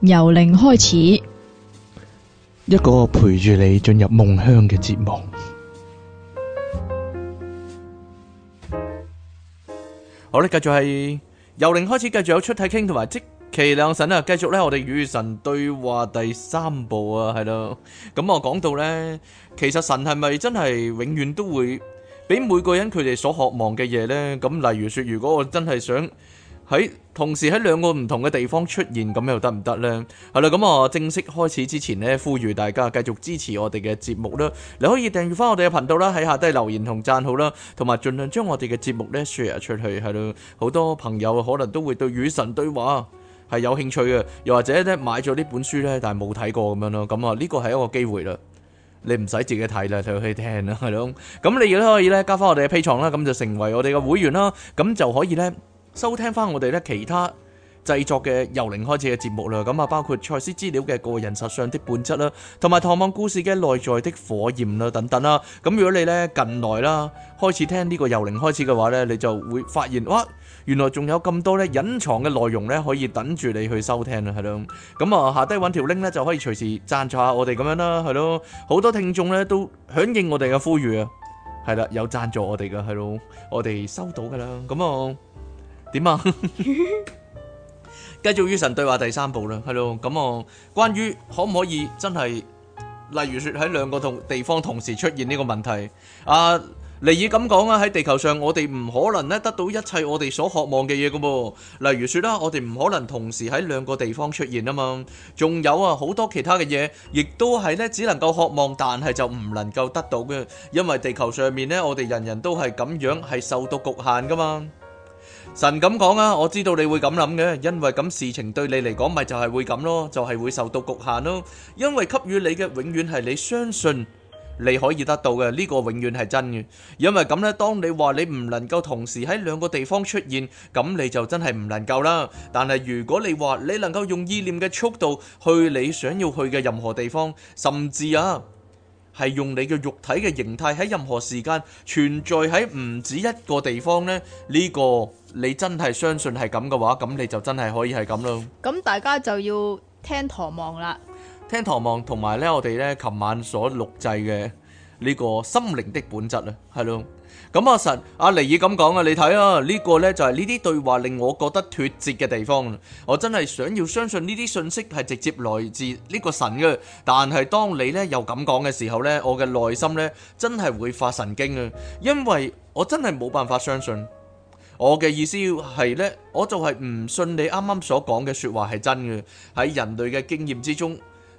由零開始，一個陪住你進入夢鄉嘅節目。好咧，繼續係由零開始，繼續有出體傾同埋即其兩神啊！繼續咧，我哋與神對話第三部啊，係咯。咁、嗯嗯、我講到咧，其實神係咪真係永遠都會俾每個人佢哋所渴望嘅嘢咧？咁、嗯、例如說，如果我真係想。喺同時喺兩個唔同嘅地方出現咁又得唔得呢？係啦，咁啊，正式開始之前呢，呼籲大家繼續支持我哋嘅節目啦。你可以訂閱翻我哋嘅頻道啦，喺下低留言同讚好啦，同埋盡量將我哋嘅節目呢 share 出去係咯。好多朋友可能都會對與神對話係有興趣嘅，又或者咧買咗呢本書呢，但係冇睇過咁樣咯。咁啊，呢個係一個機會啦，你唔使自己睇啦，就去聽啦係咯。咁你亦都可以呢，加翻我哋嘅 pay 啦，咁就成為我哋嘅會員啦，咁就可以呢，收聽返我哋咧其他製作嘅由零開始嘅節目啦，咁啊包括賽斯資料嘅個人實相的本質啦，同埋《唐望故事》嘅內在的火焰啦等等啦。咁如果你咧近來啦開始聽呢個由零開始嘅話咧，你就會發現哇，原來仲有咁多咧隱藏嘅內容咧可以等住你去收聽啦，係咯。咁、嗯、啊下低搵條 link 咧就可以隨時贊助下我哋咁樣啦，係咯。好多聽眾咧都響應我哋嘅呼籲啊，係啦，有贊助我哋嘅係咯，我哋收到噶啦，咁、嗯、啊。點啊？繼 續與神對話第三部啦，係咯。咁、嗯、啊，關於可唔可以真係，例如說喺兩個同地方同時出現呢個問題？阿尼爾咁講啊，喺地球上我哋唔可能咧得到一切我哋所渴望嘅嘢噶噃。例如說啦，我哋唔可能同時喺兩個地方出現啊嘛。仲有啊，好多其他嘅嘢，亦都係咧只能夠渴望，但係就唔能夠得到嘅，因為地球上面咧我哋人人都係咁樣係受到局限噶嘛。神咁講啊，我知道你會咁諗嘅，因為咁事情對你嚟講咪就係會咁咯，就係會受到局限咯。因為給予你嘅永遠係你相信你可以得到嘅，呢個永遠係真嘅。因為咁咧，當你話你唔能夠同時喺兩個地方出現，咁你就真係唔能夠啦。但係如果你話你能夠用意念嘅速度去你想要去嘅任何地方，甚至啊。係用你嘅肉體嘅形態喺任何時間存在喺唔止一個地方呢，呢個你真係相信係咁嘅話，咁你就真係可以係咁咯。咁大家就要聽堂望啦，聽堂望同埋呢，我哋呢琴晚所錄製嘅呢個心靈的本質呢，係咯。咁阿神，阿尼爾咁講啊，你睇啊，呢個呢就係呢啲對話令我覺得脱節嘅地方。我真係想要相信呢啲信息係直接來自呢個神嘅，但係當你呢又咁講嘅時候呢，我嘅內心呢真係會發神經啊！因為我真係冇辦法相信。我嘅意思要係呢，我就係唔信你啱啱所講嘅說話係真嘅。喺人類嘅經驗之中，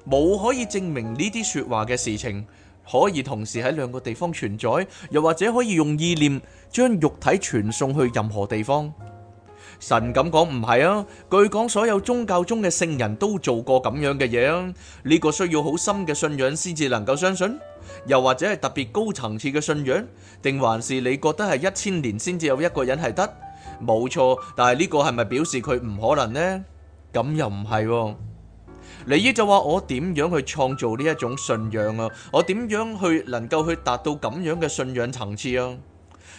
冇可以證明呢啲說話嘅事情。可以同時喺兩個地方存在，又或者可以用意念將肉體傳送去任何地方。神咁講唔係啊，據講所有宗教中嘅聖人都做過咁樣嘅嘢啊。呢個需要好深嘅信仰先至能夠相信，又或者係特別高層次嘅信仰，定還是你覺得係一千年先至有一個人係得？冇錯，但係呢個係咪表示佢唔可能呢？咁又唔係喎。你呢就話，我點樣去創造呢一種信仰啊？我點樣去能夠去達到咁樣嘅信仰層次啊？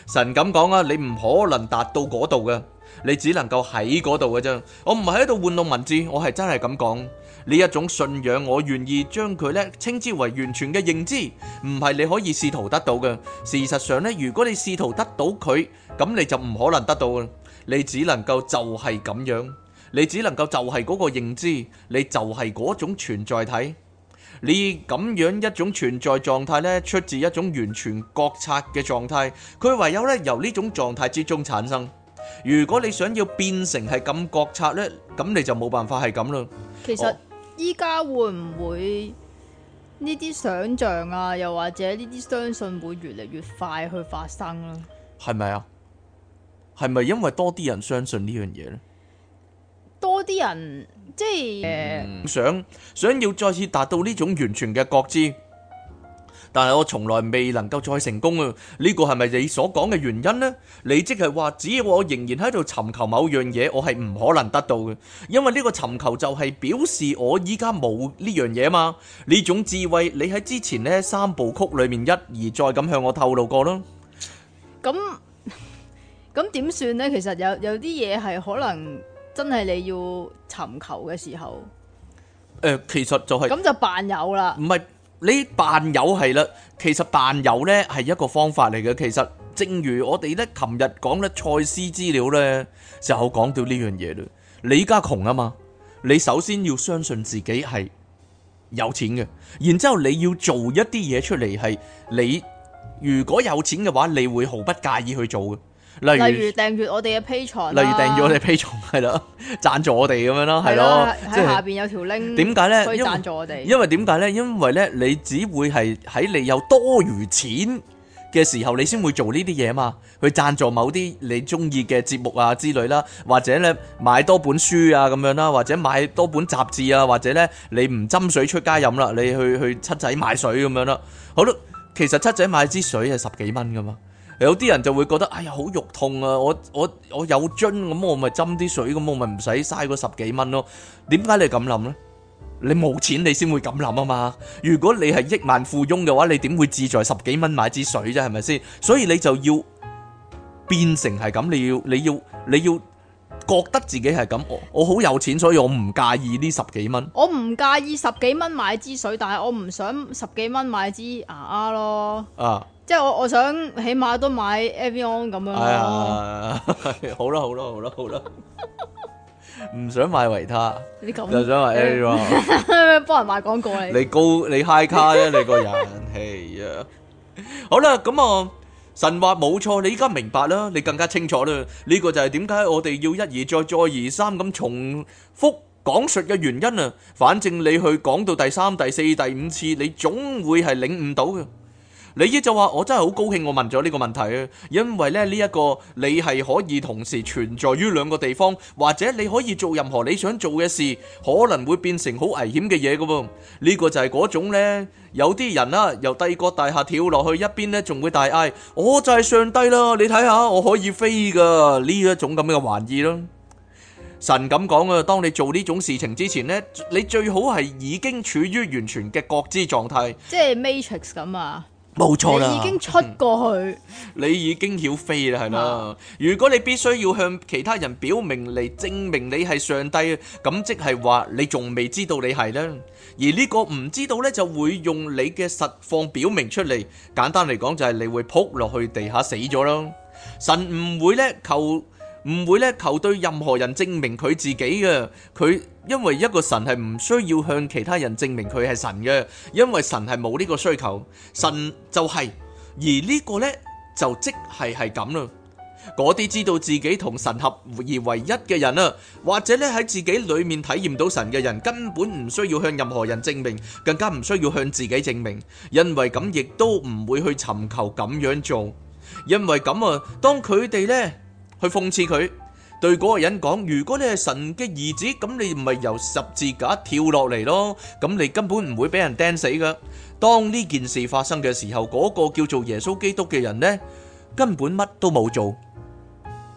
神咁講啊，你唔可能達到嗰度嘅，你只能夠喺嗰度嘅啫。我唔係喺度玩弄文字，我係真係咁講。呢一種信仰，我願意將佢咧稱之為完全嘅認知，唔係你可以試圖得到嘅。事實上咧，如果你試圖得到佢，咁你就唔可能得到。你只能夠就係咁樣。你只能夠就係嗰個認知，你就係嗰種存在體。你咁樣一種存在狀態呢，出自一種完全覺察嘅狀態。佢唯有呢由呢種狀態之中產生。如果你想要變成係咁覺察呢，咁你就冇辦法係咁咯。其實依家我會唔會呢啲想象啊，又或者呢啲相信會越嚟越快去發生咧？係咪啊？係咪、啊、因為多啲人相信呢樣嘢呢？多啲人即係、嗯、想想要再次達到呢種完全嘅覺知，但係我從來未能夠再成功啊！呢個係咪你所講嘅原因呢？你即係話，只要我仍然喺度尋求某樣嘢，我係唔可能得到嘅，因為呢個尋求就係表示我依家冇呢樣嘢嘛！呢種智慧，你喺之前呢三部曲裏面一而再咁向我透露過啦。咁咁點算呢？其實有有啲嘢係可能。真係你要尋求嘅時候，誒，其實就係，咁就扮有啦。唔係你扮有係啦，其實扮有咧係一個方法嚟嘅。其實正如我哋咧，琴日講咧賽斯資料咧，就好講到呢樣嘢啦。你依家窮啊嘛，你首先要相信自己係有錢嘅，然之後你要做一啲嘢出嚟，係你如果有錢嘅話，你會毫不介意去做嘅。例如訂閱我哋嘅 Patreon，例如訂閱我哋 Patreon，係咯，贊助我哋咁樣咯，係咯，喺下邊有條 link。點解咧？因為贊助我哋，因為點解咧？因為咧，你只會係喺你有多餘錢嘅時候，你先會做呢啲嘢啊嘛。去贊助某啲你中意嘅節目啊之類啦，或者咧買多本書啊咁樣啦，或者買多本雜誌啊，或者咧你唔斟水出街飲啦，你去去七仔買水咁樣啦。好啦，其實七仔買支水係十幾蚊噶嘛。有啲人就會覺得，哎呀，好肉痛啊！我我我有樽咁，我咪斟啲水咁，我咪唔使嘥嗰十幾蚊咯。點解你咁諗呢？你冇錢你先會咁諗啊嘛！如果你係億萬富翁嘅話，你點會志在十幾蚊買支水啫，啊？係咪先？所以你就要變成係咁，你要你要你要，你要覺得自己係咁，我好有錢，所以我唔介意呢十幾蚊。我唔介意十幾蚊買支水，但係我唔想十幾蚊買支牙刷咯。啊！即係我我想起碼都買 Evian 咁樣咯，係好啦好啦好啦好啦，唔想買維他，又想買 Evian，幫人賣廣告嚟。你高你 high 卡啫你個人，哎呀，好啦，咁我神話冇錯，你依家明白啦，你更加清楚啦，呢個就係點解我哋要一而再再而三咁重複講述嘅原因啊！反正你去講到第三第四第五次，你總會係領悟到嘅。你依就話，我真係好高興，我問咗呢個問題啊，因為咧呢一、這個你係可以同時存在於兩個地方，或者你可以做任何你想做嘅事，可能會變成好危險嘅嘢噶。呢、這個就係嗰種呢。有啲人啦、啊、由帝國大廈跳落去一邊呢，仲會大嗌：「我就係上帝啦！你睇下，我可以飛噶」呢一種咁嘅玩意咯。神咁講啊，當你做呢種事情之前呢，你最好係已經處於完全嘅覺知狀態，即係 Matrix 咁啊。冇錯啦，你已經出過去，你已經曉飛啦，係嘛？如果你必須要向其他人表明嚟證明你係上帝，咁即係話你仲未知道你係呢。而呢個唔知道呢，就會用你嘅實況表明出嚟。簡單嚟講，就係你會撲落去地下死咗咯。神唔會呢求，唔會呢求對任何人證明佢自己嘅，佢。因為一個神係唔需要向其他人證明佢係神嘅，因為神係冇呢個需求，神就係。而呢個呢，就即係係咁啦。嗰啲知道自己同神合而為一嘅人啊，或者咧喺自己裏面體驗到神嘅人，根本唔需要向任何人證明，更加唔需要向自己證明。因為咁亦都唔會去尋求咁樣做。因為咁啊，當佢哋呢，去諷刺佢。對嗰個人講：如果你係神嘅兒子，咁你唔係由十字架跳落嚟咯？咁你根本唔會俾人釘死噶。當呢件事發生嘅時候，嗰個叫做耶穌基督嘅人呢，根本乜都冇做，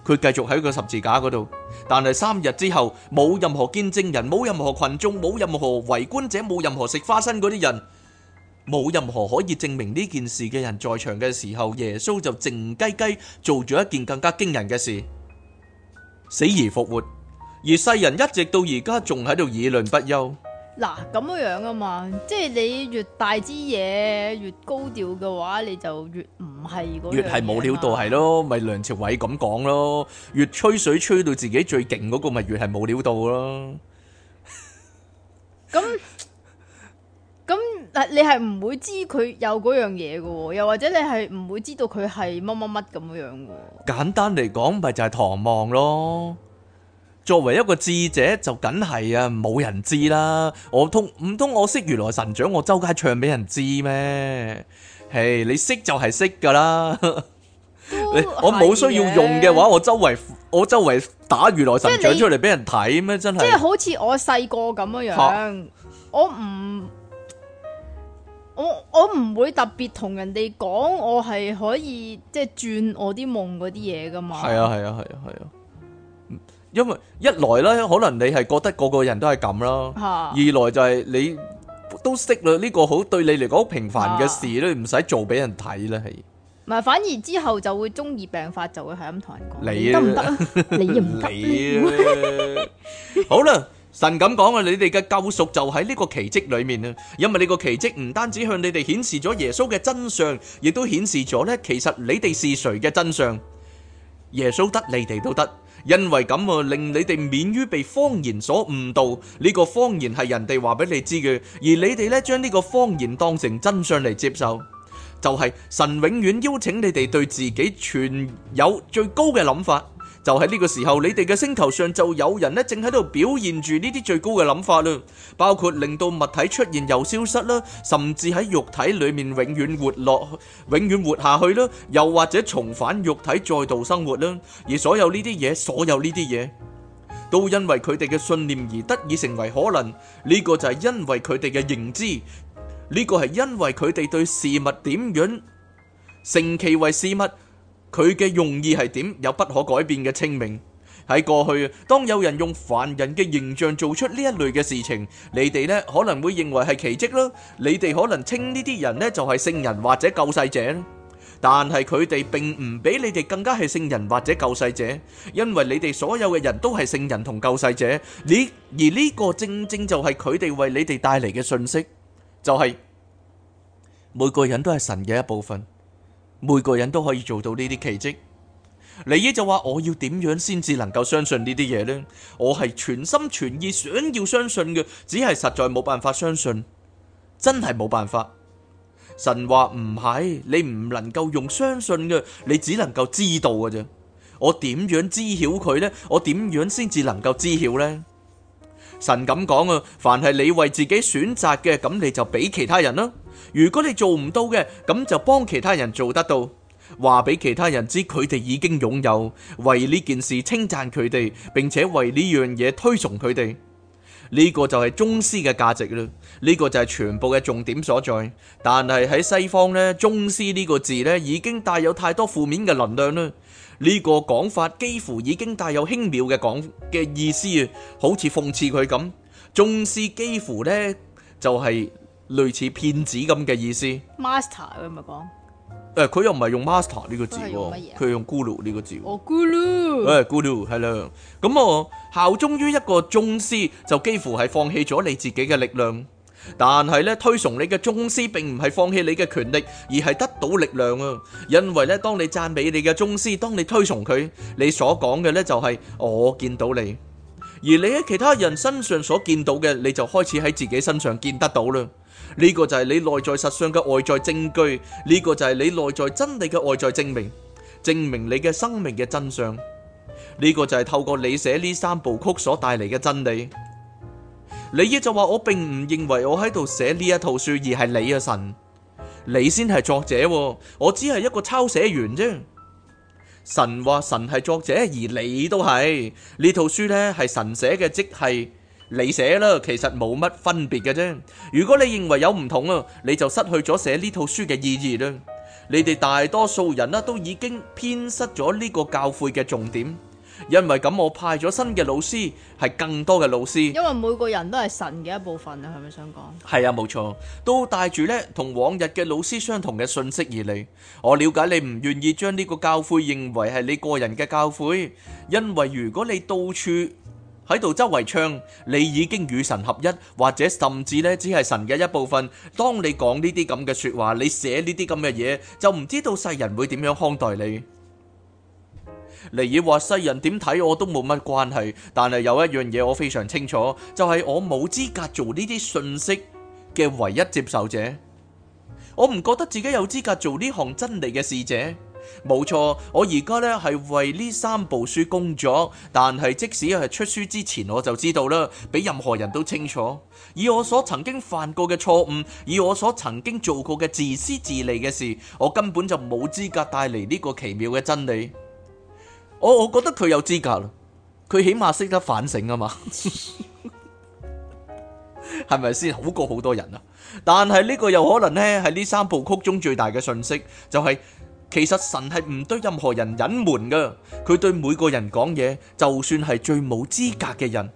佢繼續喺個十字架嗰度。但係三日之後，冇任何見證人，冇任何群眾，冇任何圍觀者，冇任何食花生嗰啲人，冇任何可以證明呢件事嘅人在場嘅時候，耶穌就靜雞雞做咗一件更加驚人嘅事。死而復活，而世人一直到而家仲喺度議論不休。嗱，咁樣樣啊嘛，即係你越大支嘢，越高調嘅話，你就越唔係嗰越係冇料到係咯，咪梁朝偉咁講咯，越吹水吹到自己最勁嗰個，咪越係冇料到咯。咁。嗱，你係唔會知佢有嗰樣嘢嘅喎，又或者你係唔會知道佢係乜乜乜咁樣嘅喎。簡單嚟講，咪就係、是、唐望咯。作為一個智者，就梗係啊，冇人知啦。我通唔通我識如來神掌，我周街唱俾人知咩？嘿、hey，你識就係識噶啦。 都是 我冇需要用嘅話，我周圍我周圍打如來神掌出嚟俾你人睇咩？真係即係好似我細個咁樣，哈我唔。我我唔會特別同人哋講我係可以即係轉我啲夢嗰啲嘢噶嘛。係啊係啊係啊係啊，因為一來咧可能你係覺得個個人都係咁啦，二來就係你都識啦，呢個好對你嚟講好平凡嘅事咧，唔使做俾人睇咧係。唔係反而之後就會中意病發就會係咁同人講，你得唔得啊？你又唔得？好啦。神咁講啊，你哋嘅救贖就喺呢個奇蹟裏面啊，因為呢個奇蹟唔單止向你哋顯示咗耶穌嘅真相，亦都顯示咗咧其實你哋是誰嘅真相。耶穌得，你哋都得，因為咁啊令你哋免於被謊言所誤導。呢、這個謊言係人哋話俾你知嘅，而你哋咧將呢個謊言當成真相嚟接受，就係、是、神永遠邀請你哋對自己存有最高嘅諗法。就喺呢個時候，你哋嘅星球上就有人呢，正喺度表現住呢啲最高嘅諗法啦，包括令到物體出現又消失啦，甚至喺肉體裏面永遠活落永遠活下去啦，又或者重返肉體再度生活啦。而所有呢啲嘢，所有呢啲嘢，都因為佢哋嘅信念而得以成為可能。呢個就係因為佢哋嘅認知，呢個係因為佢哋對事物點樣成其為事物。佢嘅用意係點？有不可改變嘅清明。喺過去，當有人用凡人嘅形象做出呢一類嘅事情，你哋呢可能會認為係奇蹟囉。你哋可能稱呢啲人呢就係聖人或者救世者。但係佢哋並唔比你哋更加係聖人或者救世者，因為你哋所有嘅人都係聖人同救世者。你而呢個正正就係佢哋為你哋帶嚟嘅信息，就係每個人都係神嘅一部分。每個人都可以做到呢啲奇蹟，你姨就話：我要點樣先至能夠相信呢啲嘢呢？我係全心全意想要相信嘅，只係實在冇辦法相信，真係冇辦法。神話唔係你唔能夠用相信嘅，你只能夠知道嘅啫。我點樣知曉佢呢？我點樣先至能夠知曉呢？神咁講啊，凡係你為自己選擇嘅，咁你就俾其他人啦。如果你做唔到嘅，咁就幫其他人做得到，話俾其他人知佢哋已經擁有，為呢件事稱讚佢哋，並且為呢樣嘢推崇佢哋，呢個就係宗師嘅價值啦。呢個就係全部嘅重點所在。但係喺西方呢，「宗師」呢個字呢已經帶有太多負面嘅能量啦。呢個講法幾乎已經帶有輕蔑嘅講嘅意思，好似諷刺佢咁。宗師幾乎呢就係。類似騙子咁嘅意思，master 佢唔係講，誒佢又唔係用 master 呢個字喎，佢係用 guru 呢個字喎，哦，guru，誒 guru 係啦，咁我效忠於一個宗師，就幾乎係放棄咗你自己嘅力量，但係咧推崇你嘅宗師並唔係放棄你嘅權力，而係得到力量啊！因為咧，當你讚美你嘅宗師，當你推崇佢，你所講嘅咧就係我見到你，而你喺其他人身上所見到嘅，你就開始喺自己身上見得到啦。呢個就係你內在實相嘅外在證據，呢、這個就係你內在真理嘅外在證明，證明你嘅生命嘅真相。呢、這個就係透過你寫呢三部曲所帶嚟嘅真理。你亦就話我並唔認為我喺度寫呢一套書，而係你啊神，你先係作者，我只係一個抄寫員啫。神話神係作者，而你都係呢套書呢係神寫嘅，即係。你寫啦，其實冇乜分別嘅啫。如果你認為有唔同啊，你就失去咗寫呢套書嘅意義啦。你哋大多數人啦都已經偏失咗呢個教誨嘅重點。因為咁，我派咗新嘅老師，係更多嘅老師。因為每個人都係神嘅一部分啊，係咪想講？係啊，冇錯，都帶住呢同往日嘅老師相同嘅信息而嚟。我了解你唔願意將呢個教誨認為係你個人嘅教誨，因為如果你到處。喺度周圍唱，你已經與神合一，或者甚至咧只係神嘅一部分。當你講呢啲咁嘅說話，你寫呢啲咁嘅嘢，就唔知道世人會點樣看待你。尼爾話： 世人點睇我都冇乜關係，但係有一樣嘢我非常清楚，就係、是、我冇資格做呢啲信息嘅唯一接受者。我唔覺得自己有資格做呢項真理嘅使者。冇錯，我而家咧係為呢三部書工作，但係即使係出書之前我就知道啦，比任何人都清楚。以我所曾經犯過嘅錯誤，以我所曾經做過嘅自私自利嘅事，我根本就冇資格帶嚟呢個奇妙嘅真理。我我覺得佢有資格，佢起碼識得反省啊嘛，係咪先好過好多人啊？但係呢個有可能呢，係呢三部曲中最大嘅信息，就係、是。其實神係唔對任何人隱瞞㗎，佢對每個人講嘢，就算係最冇資格嘅人。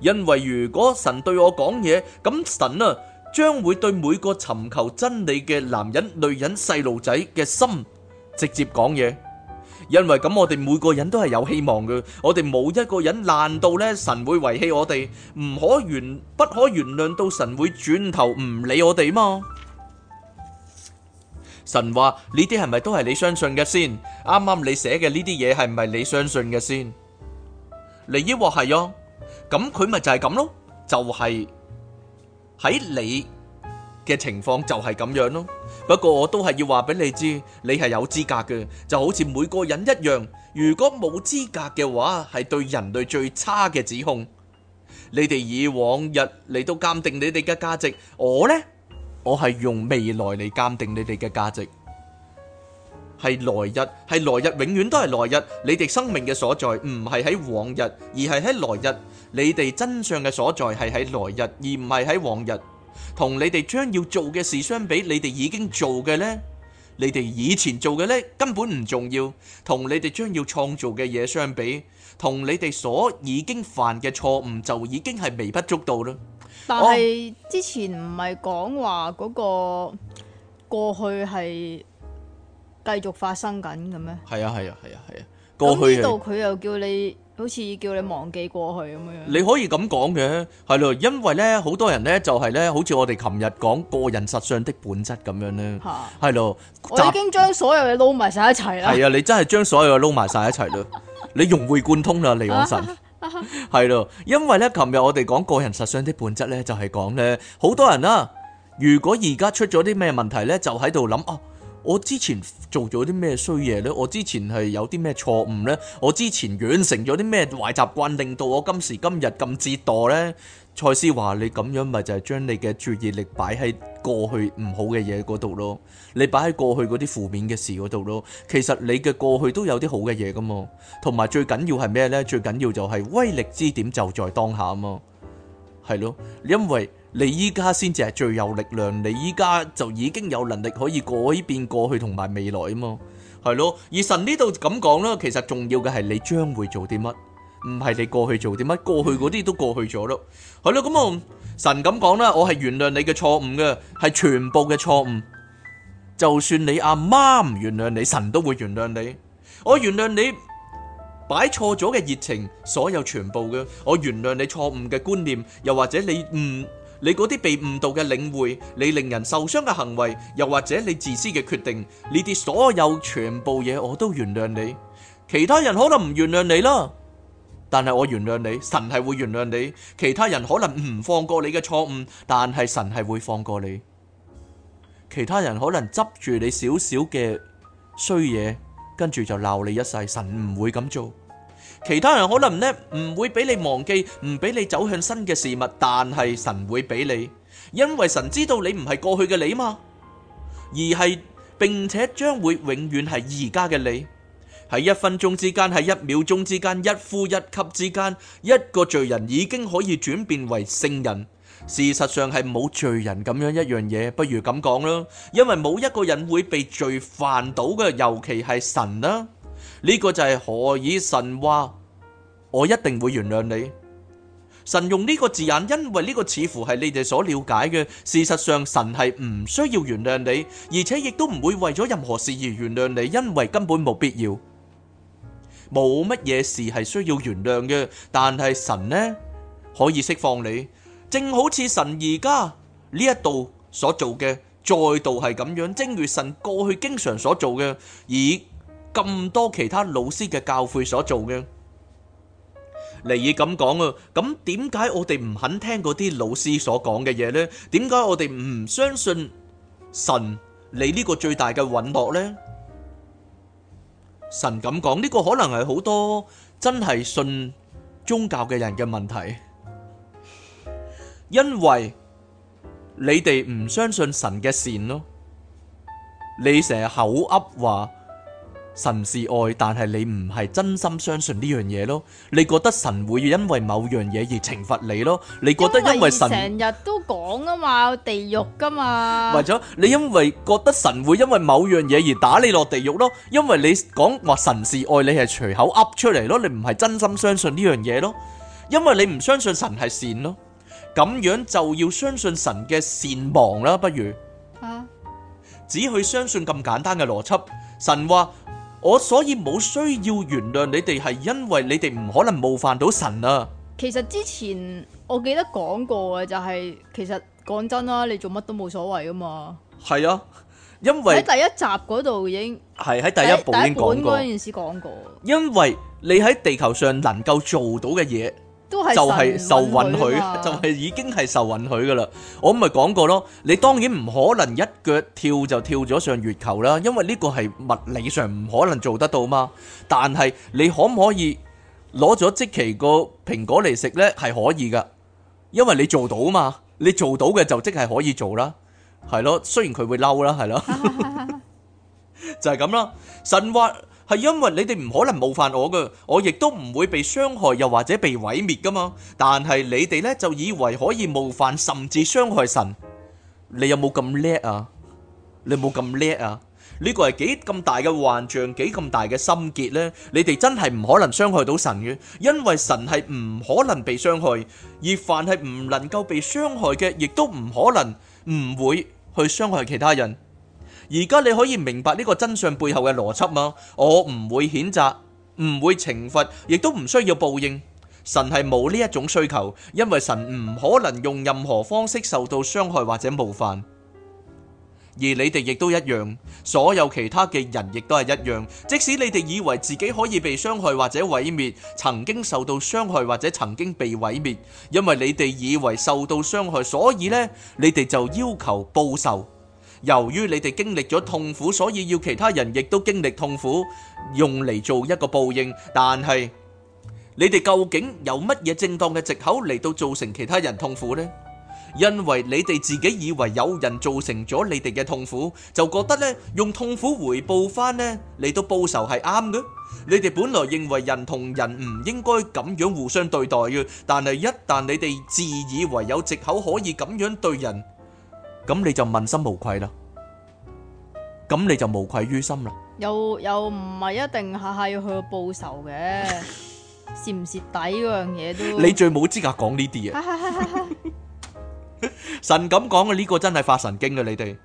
因為如果神對我講嘢，咁神啊，將會對每個尋求真理嘅男人、女人、細路仔嘅心直接講嘢。因為咁，我哋每個人都係有希望嘅，我哋冇一個人爛到呢，神會遺棄我哋，唔可原不可原諒到神會轉頭唔理我哋嘛。神話呢啲係咪都係你相信嘅先？啱啱你寫嘅呢啲嘢係咪你相信嘅先？你話係呀，咁佢咪就係咁咯，就係、是、喺你嘅情況就係咁樣咯。不過我都係要話俾你知，你係有資格嘅，就好似每個人一樣。如果冇資格嘅話，係對人類最差嘅指控。你哋以往日嚟到鑑定你哋嘅價值，我呢？我係用未來嚟鑑定你哋嘅價值，係來日，係來日，永遠都係來日。你哋生命嘅所在唔係喺往日，而係喺來日。你哋真相嘅所在係喺來日，而唔係喺往日。同你哋將要做嘅事相比，你哋已經做嘅呢？你哋以前做嘅呢？根本唔重要。同你哋將要創造嘅嘢相比，同你哋所已經犯嘅錯誤就已經係微不足道啦。但係之前唔係講話嗰個過去係繼續發生緊咁咩？係啊，係啊，係啊，係啊，過去呢度佢又叫你好似叫你忘記過去咁樣。你可以咁講嘅，係咯，因為咧好多人咧就係、是、咧，好似我哋琴日講個人實相的本質咁樣咧，係咯，的集我已經將所有嘢撈埋晒一齊啦。係啊，你真係將所有嘢撈埋晒一齊啦， 你融會貫通啦，李安神。啊。係咯，因為咧，琴日我哋講個人實相的本質咧，就係、是、講咧，好多人啦、啊，如果而家出咗啲咩問題咧，就喺度諗啊，我之前做咗啲咩衰嘢咧，我之前係有啲咩錯誤咧，我之前養成咗啲咩壞習慣，令到我今時今日咁折墮咧。蔡思話：你咁樣咪就係將你嘅注意力擺喺過去唔好嘅嘢嗰度咯，你擺喺過去嗰啲負面嘅事嗰度咯。其實你嘅過去都有啲好嘅嘢噶嘛，同埋最緊要係咩呢？最緊要就係威力之點就在當下啊嘛，係咯。因為你依家先至係最有力量，你依家就已經有能力可以改變過去同埋未來啊嘛，係咯。而神呢度咁講啦，其實重要嘅係你將會做啲乜。唔係你過去做點解，過去嗰啲都過去咗咯，係咯，咁我神咁講啦，我係原諒你嘅錯誤嘅，係全部嘅錯誤。就算你阿媽唔原諒你，神都會原諒你。我原諒你擺錯咗嘅熱情，所有全部嘅，我原諒你錯誤嘅觀念，又或者你誤你嗰啲被誤導嘅領會，你令人受傷嘅行為，又或者你自私嘅決定，呢啲所有全部嘢，我都原諒你。其他人可能唔原諒你啦。但係我原諒你，神係會原諒你。其他人可能唔放過你嘅錯誤，但係神係會放過你。其他人可能執住你少少嘅衰嘢，跟住就鬧你一世，神唔會咁做。其他人可能呢唔會俾你忘記，唔俾你走向新嘅事物，但係神會俾你，因為神知道你唔係過去嘅你嘛，而係並且將會永遠係而家嘅你。喺一分鐘之間，喺一秒鐘之間，一呼一吸之間，一個罪人已經可以轉變為聖人。事實上係冇罪人咁樣一樣嘢，不如咁講啦，因為冇一個人會被罪犯到嘅，尤其係神啦。呢個就係何以神話，我一定會原諒你。神用呢個字眼，因為呢個似乎係你哋所了解嘅。事實上，神係唔需要原諒你，而且亦都唔會為咗任何事而原諒你，因為根本冇必要。冇乜嘢事係需要原諒嘅，但係神呢可以釋放你，正好似神而家呢一度所做嘅，再度係咁樣，正如神過去經常所做嘅，而咁多其他老師嘅教誨所做嘅。尼爾咁講啊，咁點解我哋唔肯聽嗰啲老師所講嘅嘢呢？點解我哋唔相信神？你呢個最大嘅隕落呢？神咁講，呢個可能係好多真係信宗教嘅人嘅問題，因為你哋唔相信神嘅善咯，你成日口噏話。神是愛，但係你唔係真心相信呢樣嘢咯。你覺得神會因為某樣嘢而懲罰你咯？你覺得因為神成日都講啊嘛，地獄噶嘛？或者你因為覺得神會因為某樣嘢而打你落地獄咯？因為你講話神是愛你係隨口噏出嚟咯，你唔係真心相信呢樣嘢咯？因為你唔相信神係善咯，咁樣就要相信神嘅善忘啦，不如？啊？只去相信咁簡單嘅邏輯，神話。我所以冇需要原諒你哋，係因為你哋唔可能冒犯到神啊。其實之前我記得講過嘅就係，其實講真啦，你做乜都冇所謂啊嘛。係啊，因為喺第一集嗰度已經係喺第一部已經講過。因為你喺地球上能夠做到嘅嘢。就係受允許，就係已經係受允許噶啦。我唔係講過咯，你當然唔可能一腳跳就跳咗上月球啦，因為呢個係物理上唔可能做得到嘛。但係你可唔可以攞咗即其個蘋果嚟食呢？係可以噶，因為你做到嘛。你做到嘅就即係可以做啦，係咯。雖然佢會嬲啦，係咯，就係咁咯。神話。係因為你哋唔可能冒犯我嘅，我亦都唔會被傷害，又或者被毀滅噶嘛。但係你哋呢就以為可以冒犯甚至傷害神，你有冇咁叻啊？你有冇咁叻啊？呢個係幾咁大嘅幻象，幾咁大嘅心結呢？你哋真係唔可能傷害到神嘅，因為神係唔可能被傷害，而凡係唔能夠被傷害嘅，亦都唔可能唔會去傷害其他人。而家你可以明白呢個真相背後嘅邏輯嗎？我唔會譴責，唔會懲罰，亦都唔需要報應。神係冇呢一種需求，因為神唔可能用任何方式受到傷害或者冒犯。而你哋亦都一樣，所有其他嘅人亦都係一樣。即使你哋以為自己可以被傷害或者毀滅，曾經受到傷害或者曾經被毀滅，因為你哋以為受到傷害，所以呢，你哋就要求報仇。由於你哋經歷咗痛苦，所以要其他人亦都經歷痛苦，用嚟做一個報應。但係你哋究竟有乜嘢正當嘅藉口嚟到造成其他人痛苦呢？因為你哋自己以為有人造成咗你哋嘅痛苦，就覺得呢，用痛苦回報返呢，嚟到報仇係啱嘅。你哋本來認為人同人唔應該咁樣互相對待嘅，但係一旦你哋自以為有藉口可以咁樣對人。咁你就問心無愧啦，咁你就無愧於心啦。又又唔係一定下下要去報仇嘅，蝕唔蝕底嗰樣嘢都。你最冇資格講呢啲嘢。神咁講嘅呢個真係發神經嘅！你哋。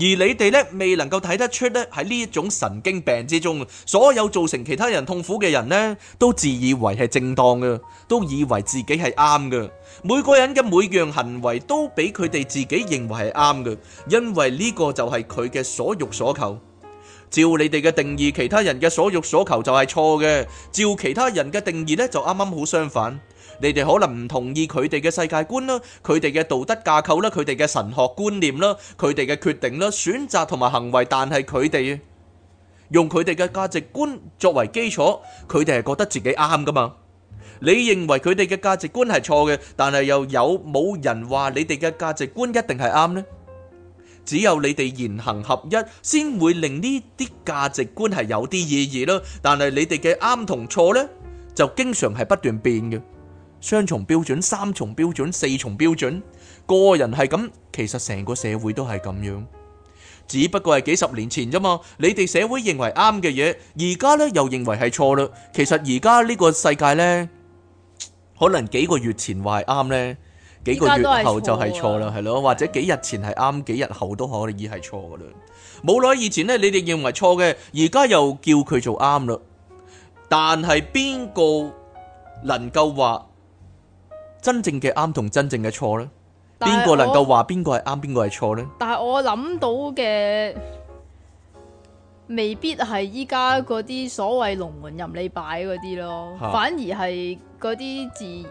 而你哋咧未能夠睇得出咧，喺呢一種神經病之中，所有造成其他人痛苦嘅人呢，都自以為係正當嘅，都以為自己係啱嘅。每個人嘅每樣行為都俾佢哋自己認為係啱嘅，因為呢個就係佢嘅所欲所求。照你哋嘅定義，其他人嘅所欲所求就係錯嘅，照其他人嘅定義咧，就啱啱好相反。你哋可能唔同意佢哋嘅世界觀啦，佢哋嘅道德架構啦，佢哋嘅神學觀念啦，佢哋嘅決定啦、選擇同埋行為，但係佢哋用佢哋嘅價值觀作為基礎，佢哋係覺得自己啱噶嘛？你認為佢哋嘅價值觀係錯嘅，但係又有冇人話你哋嘅價值觀一定係啱呢？只有你哋言行合一，先會令呢啲價值觀係有啲意義咯。但係你哋嘅啱同錯呢，就經常係不斷變嘅。雙重標準，三重標準，四重標準，個人係噉，其實成個社會都係噉樣。只不過係幾十年前咋嘛，你哋社會認為啱嘅嘢，而家呢又認為係錯嘞。其實而家呢個世界呢，可能幾個月前話係啱呢，幾個月後就係錯嘞，係囉，或者幾日前係啱，幾日後都可以係錯嘅嘞。冇耐以前呢，你哋認為錯嘅，而家又叫佢做啱嘞，但係邊個能夠話，真正嘅啱同真正嘅錯咧，邊個能夠話邊個係啱，邊個係錯咧？但係我諗到嘅未必係依家嗰啲所謂龍門任你擺嗰啲咯。啊、反而係嗰啲自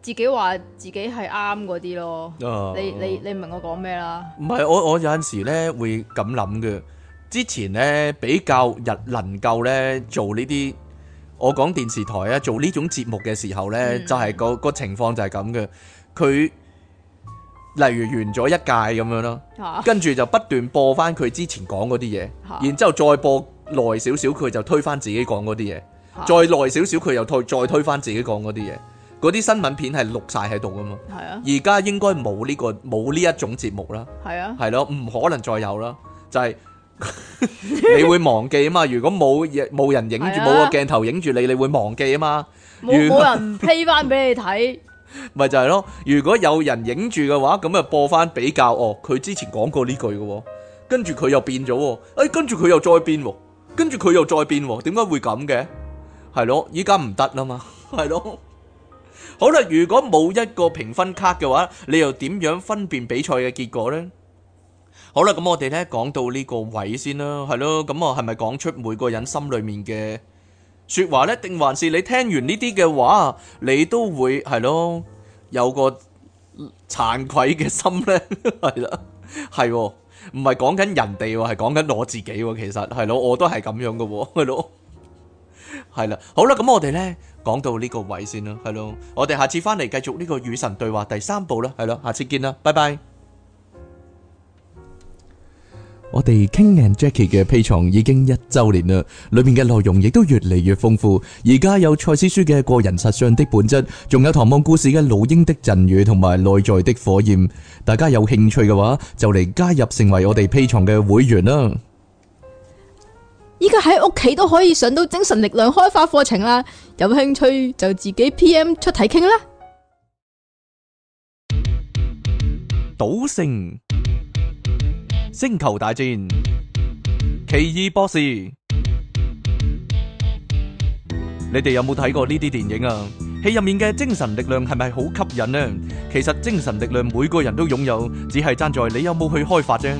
自己話自己係啱嗰啲咯。啊、你你你唔明我講咩啦？唔係我我有陣時咧會咁諗嘅，之前咧比較人能夠咧做呢啲。我講電視台啊，做呢種節目嘅時候呢，嗯、就係個，個情況就係咁嘅。佢例如完咗一屆咁樣咯，啊、跟住就不斷播翻佢之前講嗰啲嘢，啊、然之後再播耐少少，佢就推翻自己講嗰啲嘢，啊、再耐少少佢又推再推翻自己講嗰啲嘢。嗰啲新聞片係錄晒喺度噶嘛，而家、啊、應該冇呢個冇呢一種節目啦，係啊，係咯、啊，唔可能再有啦，就係、是。 你會忘記啊嘛？如果冇人冇人影住，冇、啊、個鏡頭影住你，你會忘記啊嘛？冇沒果人 play 翻俾你睇，咪就係咯。如果有人影住嘅話，咁啊播翻比較哦。佢之前講過呢句嘅，跟住佢又變咗。哎，跟住佢又再變，跟住佢又再變。點解會咁嘅？係咯，依家唔得啊嘛，係咯。好啦，如果冇一個評分卡嘅話，你又點樣分辨比賽嘅結果咧？好啦，咁我哋咧講到呢個位先啦，係咯，咁我係咪講出每個人心裏面嘅說話呢？定還是你聽完呢啲嘅話，你都會係咯有個慚愧嘅心呢？係啦，係唔係講緊人哋喎？係講緊我自己喎？其實係咯，我都係咁樣嘅喎，係咯，係啦。好啦，咁我哋呢講到呢個位先啦，係咯，我哋下次翻嚟繼續呢個與神對話第三部啦，係咯，下次見啦，拜拜。我哋 King and Jackie 嘅 Patreon 已經一周年啦，裏面嘅內容亦都越嚟越豐富。而家有賽斯書嘅個人實相的本質，仲有唐望故事嘅老鷹的贈語同埋內在的火焰。大家有興趣嘅話，就嚟加入成為我哋 Patreon 嘅會員啦。依家喺屋企都可以上到精神力量開發課程啦，有興趣就自己 P M 出嚟傾啦。賭聖。星球大戰、奇異博士，你哋有冇睇過呢啲電影啊？戲入面嘅精神力量係咪好吸引呢？其實精神力量每個人都擁有，只係站在你有冇去開發啫。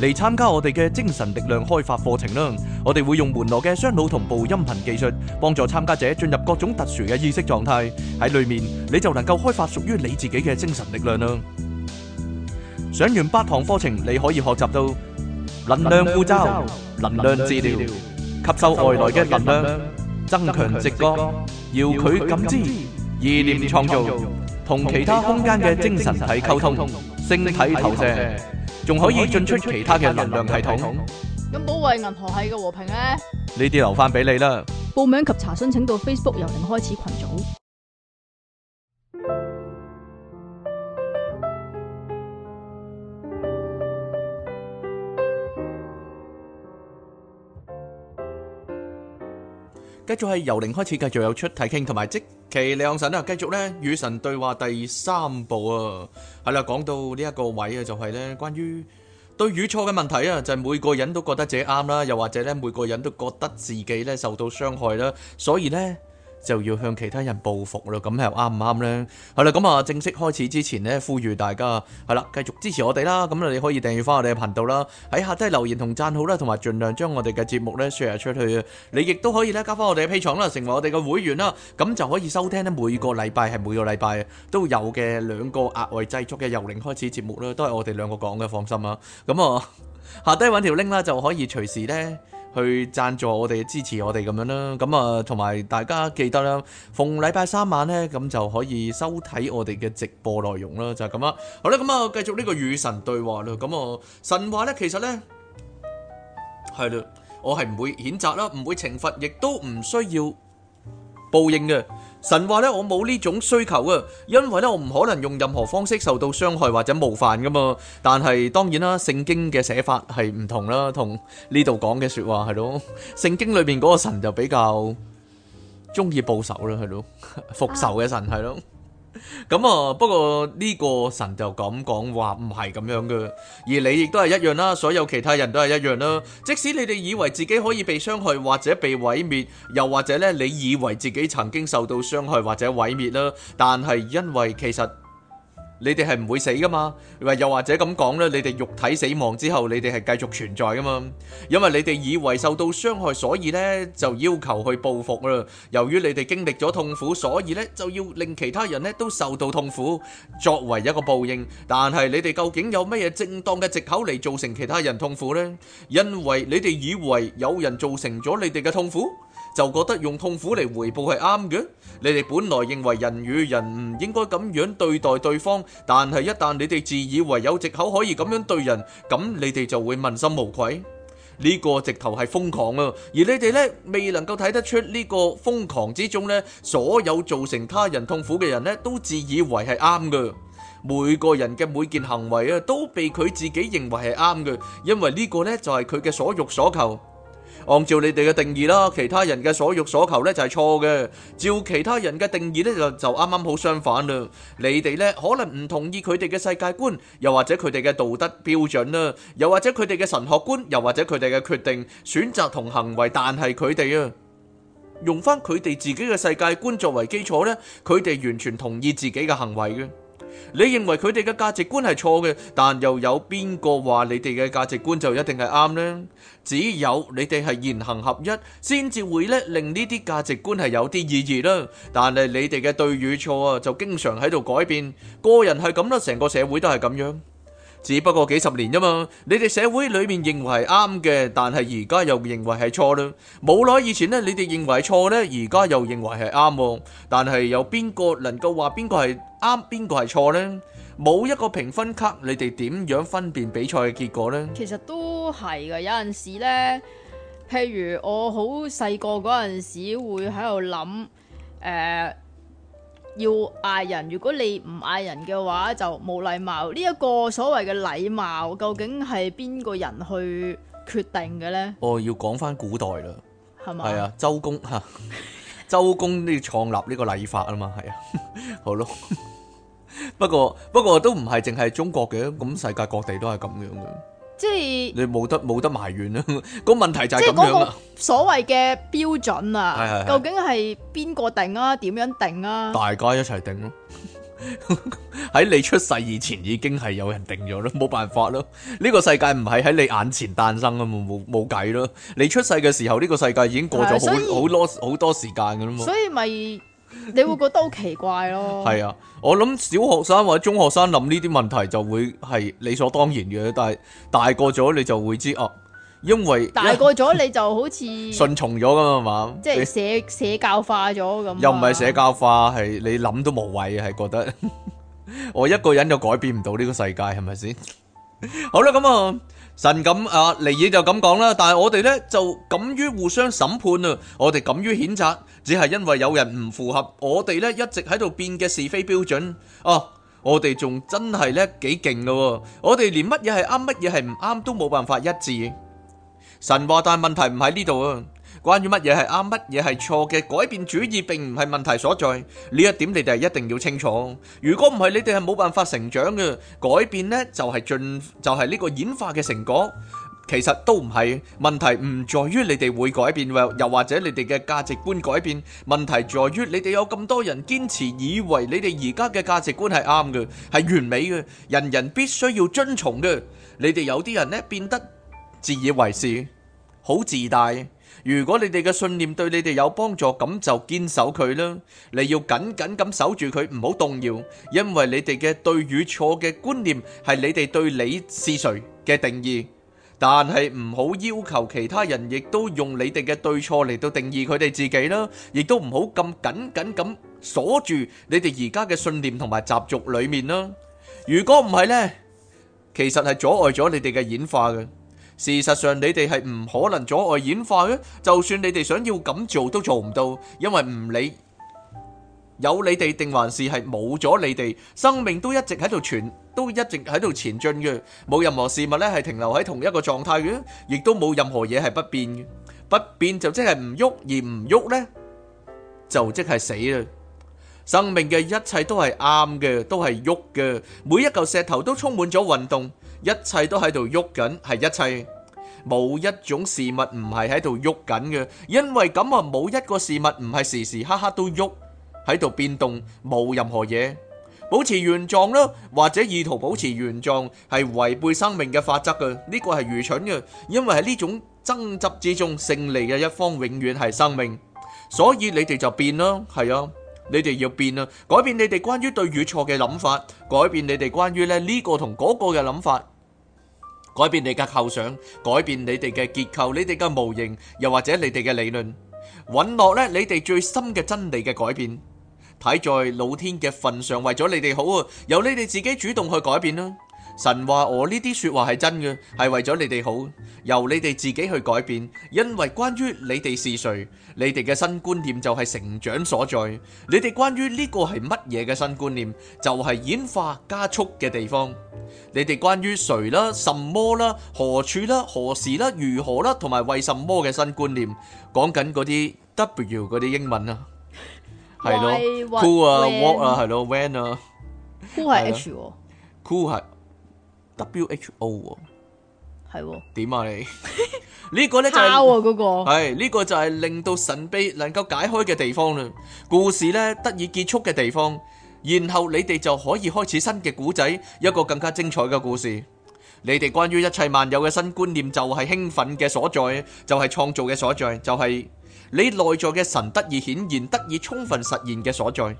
嚟參加我哋嘅精神力量開發課程啦！我哋會用門羅嘅雙腦同步音頻技術，幫助參加者進入各種特殊嘅意識狀態。喺裏面你就能夠開發屬於你自己嘅精神力量啦！上完八堂課程，你可以學習到能量護罩、能量治療、吸收外來嘅能量、增強直覺、遙距感知、意念創造、同其他空間嘅精神體溝通、星體投射，仲可以進出其他嘅能量系統。咁保衛銀河系嘅和平咧？呢啲留翻俾你啦。報名及查詢請到 Facebook 由零開始群組。繼續係由零開始，繼續有出體傾，同埋即其兩神啊，繼續咧與神對話第三部啊，係啦，講到呢一個位啊，就係咧關於對與錯嘅問題啊，就係每個人都覺得自己啱啦，又或者咧每個人都覺得自己咧受到傷害啦，所以咧。就要向其他人報復咯，咁又啱唔啱呢？係啦，咁啊，正式開始之前呢，呼籲大家係啦，繼續支持我哋啦。咁你可以訂閱翻我哋嘅頻道啦，喺下低留言同讚好啦，同埋儘量將我哋嘅節目呢 share 出去。你亦都可以呢，加翻我哋嘅 Patreon 啦，成為我哋嘅會員啦，咁就可以收聽呢每個禮拜係每個禮拜都有嘅兩個額外製作嘅由零開始節目咧，都係我哋兩個講嘅，放心啊。咁啊，下低揾條 link 啦，就可以隨時呢。去贊助我哋，支持我哋咁樣啦，咁啊，同埋大家記得啦，逢禮拜三晚咧，咁就可以收睇我哋嘅直播內容啦，就係咁啦。好啦，咁啊，繼續呢個與神對話啦，咁啊，神話咧，其實咧係咯，我係唔會譴責啦，唔會懲罰，亦都唔需要報應嘅。神話咧，我冇呢種需求啊，因為咧我唔可能用任何方式受到傷害或者冒犯噶嘛。但係當然啦，聖經嘅寫法係唔同啦，同呢度講嘅說話係咯，聖經裏面嗰個神就比較中意報仇啦，係咯，復仇嘅神係咯。咁啊，不過呢個神就咁講話唔係咁樣嘅，而你亦都係一樣啦，所有其他人都係一樣啦。即使你哋以為自己可以被傷害或者被毀滅，又或者咧，你以為自己曾經受到傷害或者毀滅啦，但係因為其實。你哋係唔會死噶嘛？又或者咁講咧，你哋肉體死亡之後，你哋係繼續存在噶嘛？因為你哋以為受到傷害，所以咧就要求去報復啦。由於你哋經歷咗痛苦，所以咧就要令其他人咧都受到痛苦，作為一個報應。但係你哋究竟有咩嘢正當嘅借口嚟，造成其他人痛苦呢？因為你哋以為有人造成咗你哋嘅痛苦，就覺得用痛苦嚟回報係啱嘅。你哋本來認為人與人唔應該咁樣對待對方，但係一旦你哋自以為有藉口，可以咁樣對人，咁你哋就會問心無愧。呢個直頭係瘋狂啊！而你哋呢，未能夠睇得出呢個瘋狂之中呢，所有造成他人痛苦嘅人呢，都自以為係啱嘅。每個人嘅每件行為啊，都被佢自己認為係啱嘅，因為呢個呢，就係佢嘅所欲所求。按照你哋嘅定義啦，其他人嘅所欲所求呢，就係錯嘅。照其他人嘅定義呢，就啱啱好相反啦。你哋呢，可能唔同意佢哋嘅世界觀，又或者佢哋嘅道德標準啦，又或者佢哋嘅神學觀，又或者佢哋嘅決定選擇同行為，但係佢哋啊，用翻佢哋自己嘅世界觀作為基礎呢，佢哋完全同意自己嘅行為嘅。你認為佢哋嘅價值觀係錯嘅，但又有邊個話你哋嘅價值觀就一定係啱呢？只有你哋係言行合一，先至會咧令呢啲價值觀係有啲意義啦。但係你哋嘅對與錯啊，就經常喺度改變。個人係咁啦，成個社會都係咁樣。只不過幾十年啫嘛，你哋社會裏面認為係啱嘅，但係而家又認為係錯囉。冇耐以前呢，你哋認為係錯呢，而家又認為係啱。但係有邊個能夠話邊個係啱，邊個係錯呢？冇一個評分卡，你哋點樣分辨比賽嘅結果呢？其實都係㗎，有陣時呢，譬如我好細個嗰陣時會喺度諗，誒，要嗌人，如果你唔嗌人嘅話就冇禮貌。呢、這、一個所謂嘅禮貌，究竟係邊個人去決定嘅咧？哦，要講返古代啦，係咪吧？係啊，周公吓，啊、 周公都要創立呢個禮法啊嘛，係啊， 好咯了。 不過不過都唔係淨係中國嘅，咁世界各地都係咁樣嘅。即係你冇得冇得埋怨咯，個問題就係咁樣，所謂嘅標準啊，究竟係邊個定啊？點樣定啊？大家一齊定咯、啊。喺 你出世以前已經係有人定咗啦，冇辦法啦。呢、這個世界唔係喺你眼前誕生啊，冇冇冇計咯。你出世嘅時候，呢、這個世界已經過咗好好多好多時間噶啦嘛。所以咪。你會覺得好奇怪咯，係 啊，我諗小學生或者中學生諗呢啲問題就會係理所當然嘅，但係大個咗你就會知哦，啊，因為大個咗你就好似順從咗咁啊嘛，即係 社社教化咗咁，又唔係社教化，係你諗都無謂，係覺得 我一個人又改變唔到呢個世界，係咪先？ 好啦，咁啊。神咁啊，尼爾就咁講啦，但係我哋呢，就敢於互相審判啊，我哋敢於譴責，只係因為有人唔符合我哋呢，一直喺度變嘅是非標準。哦、啊，我哋仲真係呢幾勁噶，我哋連乜嘢係啱，乜嘢係唔啱都冇辦法一致。神話，但係問題唔喺呢度啊。關於乜嘢係啱，乜嘢係錯嘅，改變主義並唔係問題所在。呢一點你哋係一定要清楚。如果唔係，你哋係冇辦法成長嘅。改變呢就係進，就係、是、呢個演化嘅成果。其實都唔係問題，唔在於你哋會改變，又或者你哋嘅價值觀改變。問題在於你哋有咁多人堅持以為你哋而家嘅價值觀係啱嘅，係完美嘅，人人必須要遵從嘅。你哋有啲人呢，變得自以為是，好自大。如果你哋嘅信念對你哋有幫助，咁就堅守佢啦。你要緊緊咁守住佢，唔好動搖，因為你哋嘅對與錯嘅觀念係你哋對你是誰嘅定義。但係唔好要求其他人亦都用你哋嘅對錯嚟到定義佢哋自己啦，亦都唔好咁緊緊咁鎖住你哋而家嘅信念同埋習俗裏面啦。如果唔係呢，其實係阻礙咗你哋嘅演化嘅。.事實上，你哋係唔可能阻礙演化嘅。就算你哋想要咁做，都做唔到，因為唔理有你哋定還是係冇咗你哋，生命都一直喺度傳，都一直喺度前進嘅，冇任何事物咧係停留喺同一個狀態嘅，亦都冇任何嘢係不變嘅。不變就即係唔喐，而唔喐咧，就即係死啦。生命嘅一切都係啱嘅，都係喐嘅，每一嚿石頭都充滿咗運動。一切都喺度喐緊，係一切冇一種事物唔係喺度喐緊嘅，因為咁啊冇一個事物唔係時時刻刻都喐喺度變動，冇任何嘢保持原狀啦，或者意圖保持原狀係違背生命嘅法則嘅，呢個係愚蠢嘅，因為喺呢種爭執之中勝利嘅一方永遠係生命，所以你哋就變啦，係啊，你哋要變啊，改變你哋關於對與錯嘅諗法，改變你哋關於咧呢個同嗰個嘅諗法。改變你嘅構想，改變你哋嘅結構，你哋嘅模型，又或者你哋嘅理論，揾落咧你哋最深嘅真理嘅改變。睇在老天嘅份上，為咗你哋好啊，由你哋自己主動去改變啦。神話我呢啲說話係真嘅，係為咗你哋好，由你哋自己去改變。因為關於你哋是誰，你哋嘅新觀念就係成長所在。你哋關於呢個係乜嘢嘅新觀念，就係演化加速嘅地方。你哋關於誰啦、什麼啦、何處啦、何時啦、如何啦，同埋為什麼嘅新觀念，講緊嗰啲 W，嗰啲英文啊，係咯，Who 啊，What 啊，係咯，When 啊，Who 係 H 哦，Who 係。WHO 喎，係點啊？你呢個咧就嗰個係呢個就係令到神秘能夠解開嘅地方啦，故事咧得以結束嘅地方，然後你哋就可以開始新嘅古仔，一個更加精彩嘅故事。你哋關於一切萬有嘅新觀念就係興奮嘅所在，就係創造嘅所在，就係你內在嘅神得以顯現，得以充分實現嘅所在。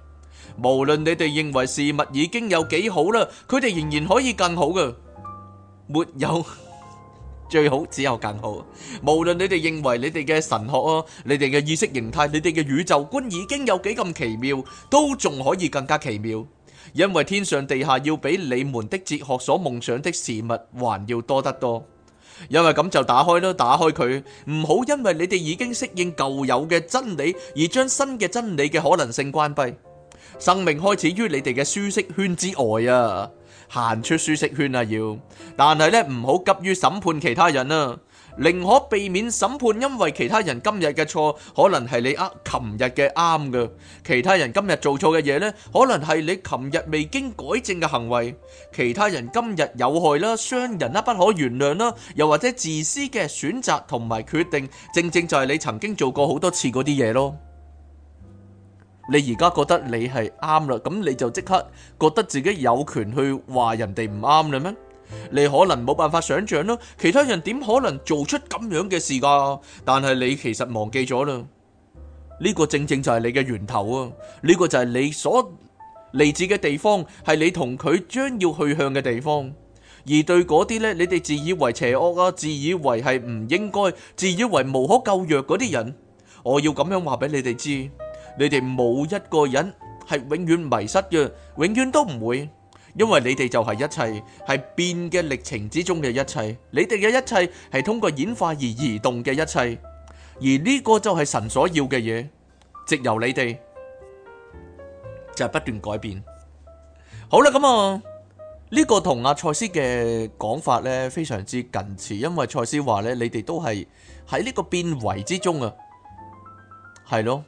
無論你哋認為事物已經有幾好啦，佢哋仍然可以更好噶。沒有最好，只有更好。無論你哋認為你哋嘅神學哦，你哋嘅意識形態，你哋嘅宇宙觀已經有幾咁奇妙，都仲可以更加奇妙。因為天上地下要比你們的哲學所夢想的事物還要多得多。因為咁就打開咯，打開佢，唔好因為你哋已經適應舊有嘅真理，而將新嘅真理嘅可能性關閉。生命開始於你哋嘅舒適圈之外啊！行出舒適圈啊，要，但係咧唔好急於審判其他人啊，寧可避免審判，因為其他人今日嘅錯，可能係你呃琴日嘅啱㗎，其他人今日做錯嘅嘢咧，可能係你琴日未經改正嘅行為，其他人今日有害啦、啊、傷人啦、啊、不可原諒啦、啊，又或者自私嘅選擇同埋決定，正正就係你曾經做過好多次嗰啲嘢咯。你而家覺得你係啱啦，咁你就即刻覺得自己有權去話人哋唔啱啦咩？你可能冇辦法想象咯，其他人點可能做出咁樣嘅事噶？但係你其實忘記咗啦，呢個正正就係你嘅源頭啊！呢個就係你所嚟自嘅地方，係你同佢將要去向嘅地方。而對嗰啲呢，你哋自以為邪惡啊，自以為係唔應該，自以為無可救藥嗰啲人，我要咁樣話俾你哋知。你哋冇一個人係永遠迷失嘅，永遠都唔會，因為你哋就係一切，係變嘅歷程之中嘅一切，你哋嘅一切係通過演化而移動嘅一切，而呢個就係神所要嘅嘢，直由你哋就係不斷改變。好啦，咁啊，呢個同阿賽斯嘅講法呢非常之近似，因為賽斯話呢，你哋都係喺呢個變為之中啊，係咯。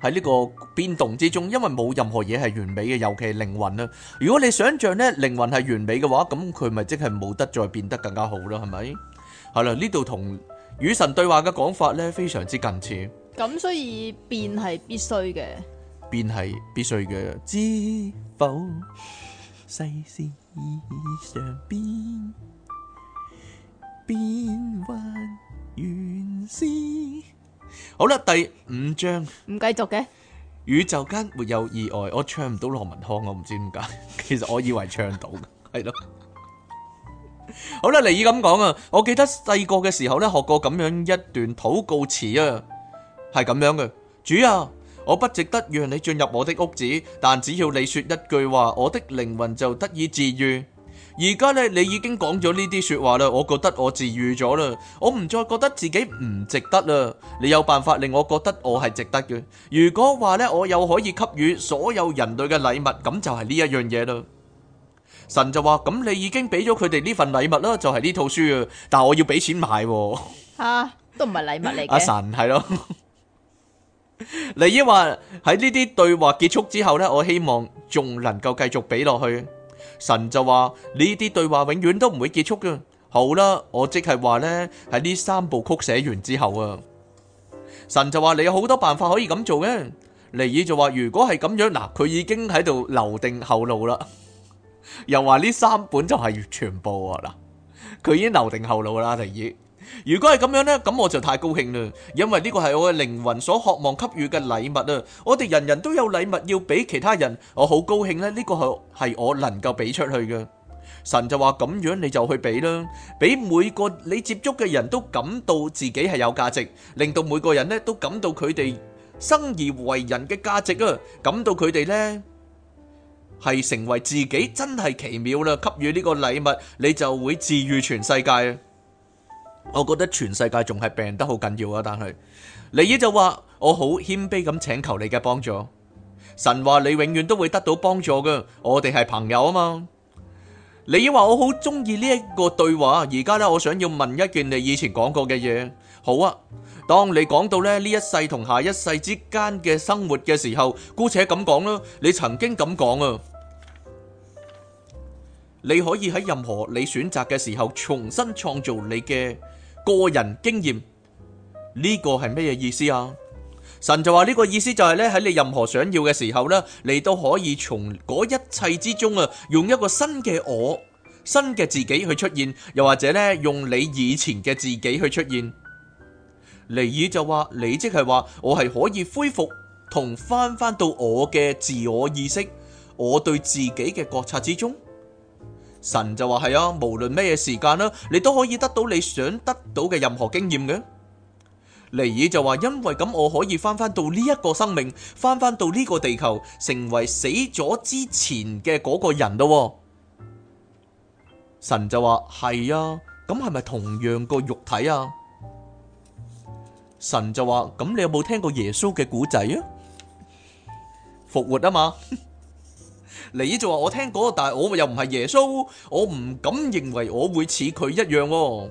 喺呢個變動之中，因為冇任何嘢係完美嘅，尤其係靈魂啦。如果你想像呢靈魂係完美嘅話，咁佢咪即係冇得再變得更加好啦，係咪？係啦，呢度同與神對話嘅講法呢非常之近似。咁所以變係必須嘅，變係必須嘅，知否世事常變，變幻原是。好啦，第五章唔繼續嘅宇宙間沒有意外，我唱唔到羅文康，我唔知點解。其實我以為唱到嘅係咯。好啦，嚟意咁講啊，我記得細個嘅時候咧，學過咁樣一段禱告詞啊，係咁樣嘅，主啊，我不值得讓你進入我的屋子，但只要你說一句話，我的靈魂就得以治愈。而家咧，你已經講咗呢啲說話啦，我覺得我治愈咗啦，我唔再覺得自己唔值得啦。你有辦法令我覺得我係值得嘅。如果話呢，我又可以給予所有人類嘅禮物，咁就係呢一樣嘢啦。神就話：咁你已經俾咗佢哋呢份禮物啦，就係、是、呢套書啊。但係我要俾錢買，吓、啊、都唔係禮物嚟嘅。 阿神係咯， 你亦話喺呢啲對話結束之後呢，我希望仲能夠繼續俾落去。神就話，呢啲對話永遠都唔會結束嘅。好啦，我即係話呢，喺呢三部曲寫完之後啊，神就話，你有好多辦法可以咁做嘅。尼爾就話，如果係咁樣嗱，佢已經喺度留定後路啦。 又話呢三本就係全部啊嗱，佢已經留定後路啦，尼爾。如果係咁樣呢，咁我就太高興啦，因為呢個係我嘅靈魂所渴望給予嘅禮物啊！我哋人人都有禮物要俾其他人，我好高興呢，呢個係係我能夠俾出去嘅。神就話咁樣你就去俾啦，俾每個你接觸嘅人都感到自己係有價值，令到每個人呢都感到佢哋生而為人嘅價值啊！感到佢哋呢係成為自己真係奇妙啦！給予呢個禮物，你就會治癒全世界啊！我覺得全世界仲係病得好緊要啊！但係利伊就話，我好謙卑咁請求你嘅幫助。神話，你永遠都會得到幫助㗎，我哋係朋友啊嘛。利伊話，我好中意呢一個對話。而家咧，我想要問一件你以前講過嘅嘢。好啊，當你講到咧呢一世同下一世之間嘅生活嘅時候，姑且咁講囉，你曾經咁講啊。你可以喺任何你選擇嘅時候，重新創造你嘅個人經驗呢，呢個係咩意思啊？神就話呢個意思就係咧，喺你任何想要嘅時候咧，你都可以從嗰一切之中啊，用一個新嘅我、新嘅自己去出現，又或者咧，用你以前嘅自己去出現。尼爾就話，你即係話我係可以恢復同翻翻到我嘅自我意識，我對自己嘅覺察之中。神就話係啊，無論咩時間啦，你都可以得到你想得到嘅任何經驗嘅。尼爾就話，因為咁我可以翻翻到呢一個生命，翻翻到呢個地球，成為死咗之前嘅嗰個人咯。神就話係啊，咁係咪同樣個肉體啊？神就話咁你有冇聽過耶穌嘅古仔啊？復活啊嘛？你就話我聽過，但係我又唔係耶穌，我唔敢認為我會似佢一樣喎。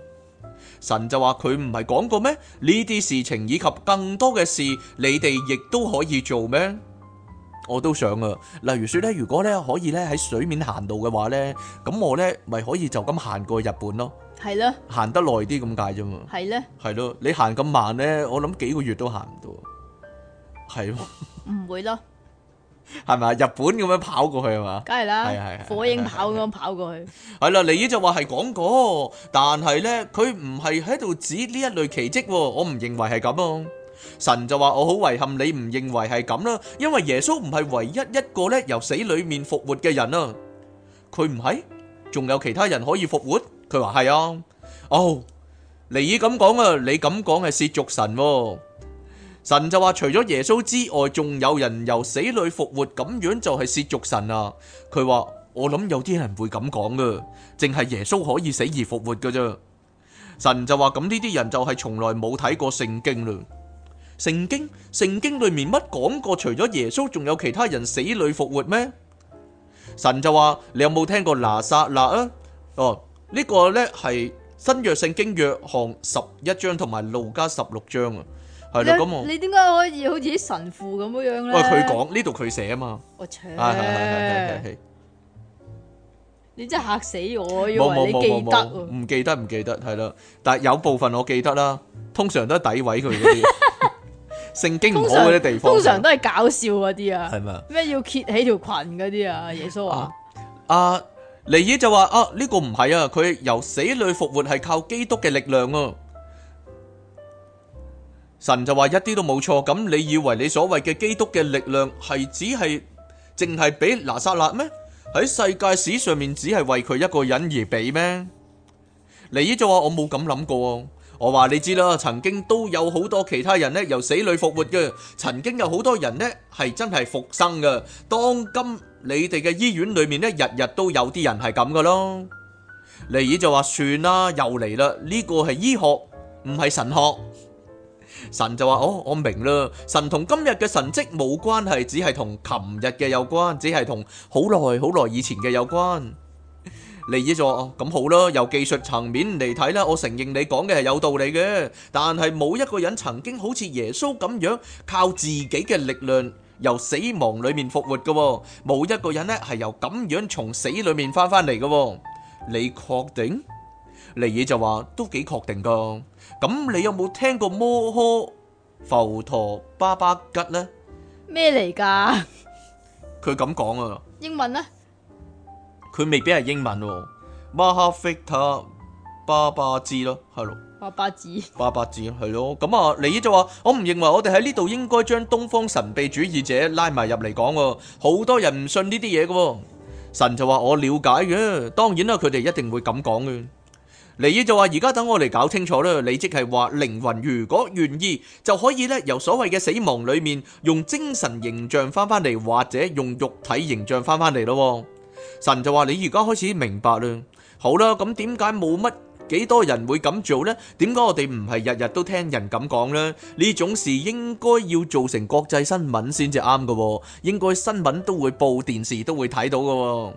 神就話佢唔係講過咩？呢啲事情以及更多嘅事，你哋亦都可以做咩？我都想啊，例如說咧，如果咧可以咧喺水面行路嘅話咧，咁我咧咪可以就咁行過日本咯？係咯的？行得耐啲咁解啫嘛？係咧的？係咯？你行咁慢咧，我諗幾個月都行唔到。係咯？唔會咯？係咪日本咁樣跑過去係嘛？梗係啦，係啊，火影跑咁樣跑過去。係啦，尼爾就話係講過，但係咧，佢唔係喺度指呢一類奇跡，我唔認為係咁咯。神就話，我好遺憾你唔認為係咁啦，因為耶穌唔係唯一一個咧由死裏面復活嘅人啊，佢唔係，仲有其他人可以復活。佢話係啊，哦，尼爾咁講啊，你咁講係褻瀆神啊。神就話，除咗耶穌之外，仲有人由死裏復活，咁樣就係褻瀆神呀。佢話，我諗有啲人會咁講㗎，淨係耶穌可以死而復活㗎咋。神就話，咁呢啲人就係從來冇睇過聖經嘞。聖經？聖經裏面乜講過除咗耶穌仲有其他人死裏復活咩？神就話，你有冇聽過拿撒勒？哦，呢個呢係新約聖經約翰十一章同埋路加十六章啊。係咯，咁哦，你點解可以好似啲神父咁樣咧？喂，佢講呢度佢寫啊嘛，我搶，係係係係係係，你真係吓死我，我以為你記得啊，唔記得唔記得，係啦，但係有部分我記得啦，通常都係詆毀佢嗰啲，聖經唔好嗰啲地方，通常都係搞笑嗰啲啊，係咪啊？咩要揭起條裙嗰啲啊？耶穌話：，啊，尼耶就話：啊，呢個唔係啊，佢由死裏復活係靠基督嘅力量啊。神就話一啲都冇錯，咁你以為你所謂嘅基督嘅力量係只係淨係俾拿撒勒咩？喺世界史上面只係為佢一個人而俾咩？尼爾就話我冇咁諗過。我話你知啦，曾經都有好多其他人呢由死裏復活嘅，曾經有好多人呢係真係復生噶。當今你哋嘅醫院裏面呢日日都有啲人係咁噶咯。尼爾就話算啦，又嚟啦，呢個係醫學，唔係神學。神就話：，哦，我明啦，神同今日嘅神蹟冇關係，只係同琴日嘅有關，只係同好耐好耐以前嘅有關。尼爾就話：，咁好啦，由技術層面嚟睇呢，我承認你講嘅係有道理嘅，但係冇一個人曾經好似耶穌咁樣靠自己嘅力量由死亡裏面復活嘅，冇一個人呢係由咁樣從死裏面翻返嚟嘅。你確定？尼爾就話：，都幾確定噶。咁你有冇聽過摩訶佛陀巴巴吉咧？咩嚟噶？佢咁講啊！英文咧？佢未必係英文哦，Mahavita 巴巴吉咯，係咯？巴巴吉，巴巴吉係咯。咁啊，你就話，我唔認為我哋喺呢度應該將東方神秘主義者拉埋入嚟講。好多人唔信呢啲嘢嘅，神就話我了解嘅。當然啦，佢哋一定會咁講嘅。你就話：而家，等我哋搞清楚啦。你即係話靈魂如果願意，就可以咧，由所謂嘅死亡裏面，用精神形象翻返嚟，或者用肉體形象翻返嚟咯。神就話：你而家開始明白啦。好啦，咁點解冇乜幾多人會咁做呢？點解我哋唔係日日都聽人咁講呢？呢種事應該要做成國際新聞先至啱噶，應該新聞都會報，電視都會睇到噶。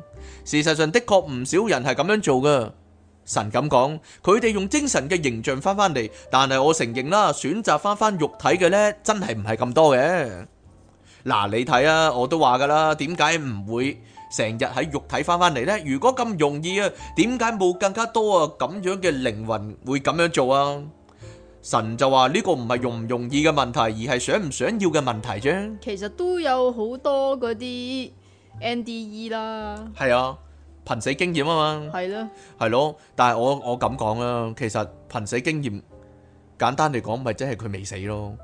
事實上的確唔少人係咁樣做噶。神咁講，佢哋用精神嘅形象翻翻嚟，但係我承認啦，選擇翻翻肉體嘅呢，真係唔係咁多嘅。嗱，你睇啊，我都話噶啦，點解唔會成日喺肉體翻翻嚟呢？如果咁容易啊，點解冇更加多啊咁樣嘅靈魂會咁樣做啊？神就話呢個唔係容唔容易嘅問題，而係想唔想要嘅問題啫。其實都有好多嗰啲 NDE 啦。係啊。瀕死經驗啊嘛，係咯，係咯，但係我我咁講啦，其實瀕死經驗，簡單嚟講，咪即係佢未死咯，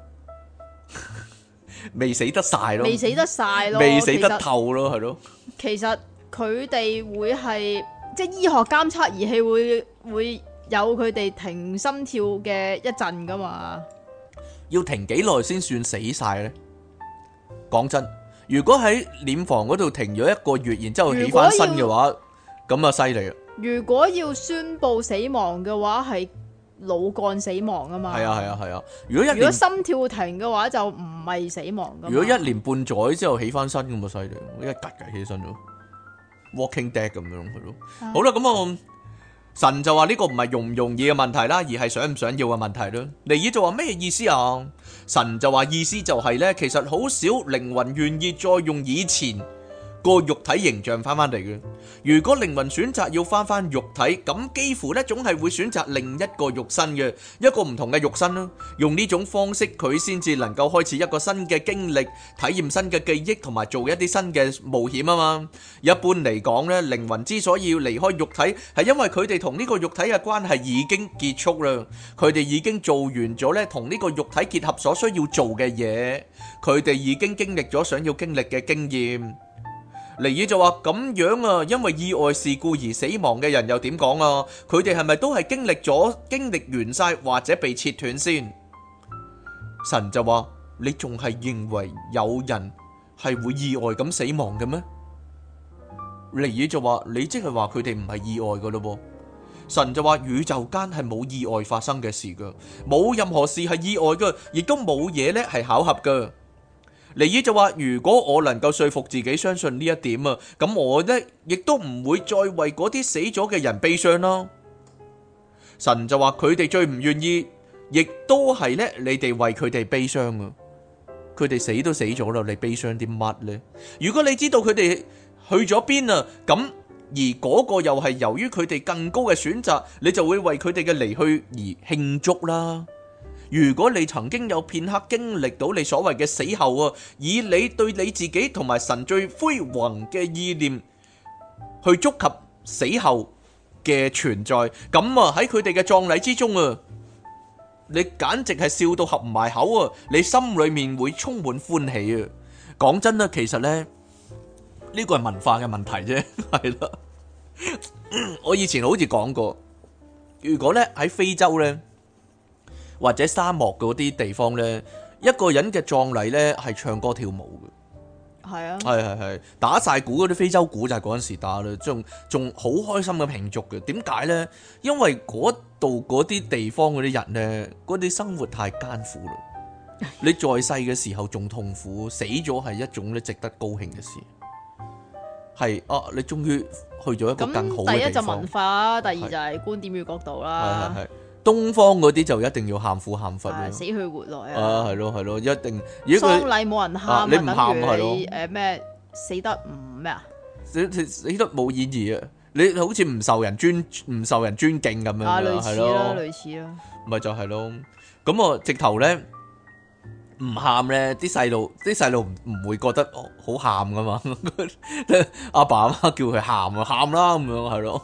未死得晒咯，未死得晒咯，未死得透咯，係咯。其實佢哋會係即係醫學監測儀器會會有佢哋停心跳嘅一陣噶嘛？要停幾耐先算死晒呢？講真，如果喺殮房嗰度停咗一個月，然之後起翻身嘅話。咁啊，犀利啊！如果要宣布死亡嘅話，係腦幹死亡啊嘛。係啊，係啊，係啊。如果一如果心跳停嘅話，就唔係死亡。如果一年半載之後起翻身咁啊，犀利！我一格格起身咗，Walking Dead 咁樣係咯。好啦、嗯，咁啊，神就話呢個唔係容唔容易嘅問題啦，而係想唔想要嘅問題啦。尼爾就話咩意思啊？神就話意思就係、是、咧，其實好少靈魂願意再用以前，個肉體形象翻翻嚟嘅。如果靈魂選擇要翻翻肉體，咁幾乎呢總係會選擇另一個肉身嘅一個唔同嘅肉身咯。用呢種方式，佢先至能夠開始一個新嘅經歷、體驗新嘅記憶同埋做一啲新嘅冒險啊嘛。一般嚟講呢，靈魂之所以要離開肉體，係因為佢哋同呢個肉體嘅關係已經結束啦，佢哋已經做完咗呢同呢個肉體結合所需要做嘅嘢，佢哋已經經歷咗想要經歷嘅經驗。尼爾就話，咁樣啊，因為意外事故，而死亡嘅人又點講啊？佢哋係咪都係經歷咗經歷完晒或者被切斷先？神就話，你仲係認為有人係會意外咁死亡嘅咩？尼爾就話，你即係話佢哋唔係意外噶咯。神就話，宇宙間係冇意外發生嘅事噶，冇任何事係意外噶，亦都冇嘢咧係巧合噶。尼爾就話：如果我能夠說服自己相信呢一點啊，咁我呢亦都唔會再為嗰啲死咗嘅人悲傷啦。神就話：佢哋最唔願意，亦都係呢，你哋為佢哋悲傷啊！佢哋死都死咗啦，你悲傷啲乜呢？如果你知道佢哋去咗邊啊，咁而嗰個又係由於佢哋更高嘅選擇，你就會為佢哋嘅離去而慶祝啦。如果你曾經有片刻經歷到你所謂嘅死後啊，以你對你自己同埋神最輝煌嘅意念去觸及死後嘅存在，咁啊喺佢哋嘅葬禮之中啊，你簡直係笑到合唔埋口啊！你心裏面會充滿歡喜啊！講真啦，其實呢呢個係文化嘅問題啫，係啦。我以前好似講過，如果咧喺非洲呢。或者沙漠嗰啲地方呢，一個人嘅葬禮呢係唱歌跳舞嘅。係啊，係係係打晒鼓嗰啲非洲鼓就嗰陣時打啦，仲仲好開心嘅慶祝嘅。點解呢？因為嗰度嗰啲地方嗰啲人呢，嗰啲生活太艱苦啦。你在世嘅時候仲痛苦，死咗係一種咧值得高興嘅事。係啊，你終於去咗一個更好嘅地方。咁第一就文化，第二就係觀點與角度啦。東方嗰啲就一定要喊苦喊忽，死去活來啊！啊係咯係咯，一定如果佢喪禮冇人喊啊，你唔喊係咯？誒咩死得唔咩啊？你你你都冇意義啊！你好似唔受人尊唔受人尊敬咁樣，係咯類似咯，咪就係咯。咁我直頭咧唔喊咧，啲細路啲細路唔會覺得好喊噶嘛。阿爸阿媽叫佢喊啊，喊啦咁樣係咯，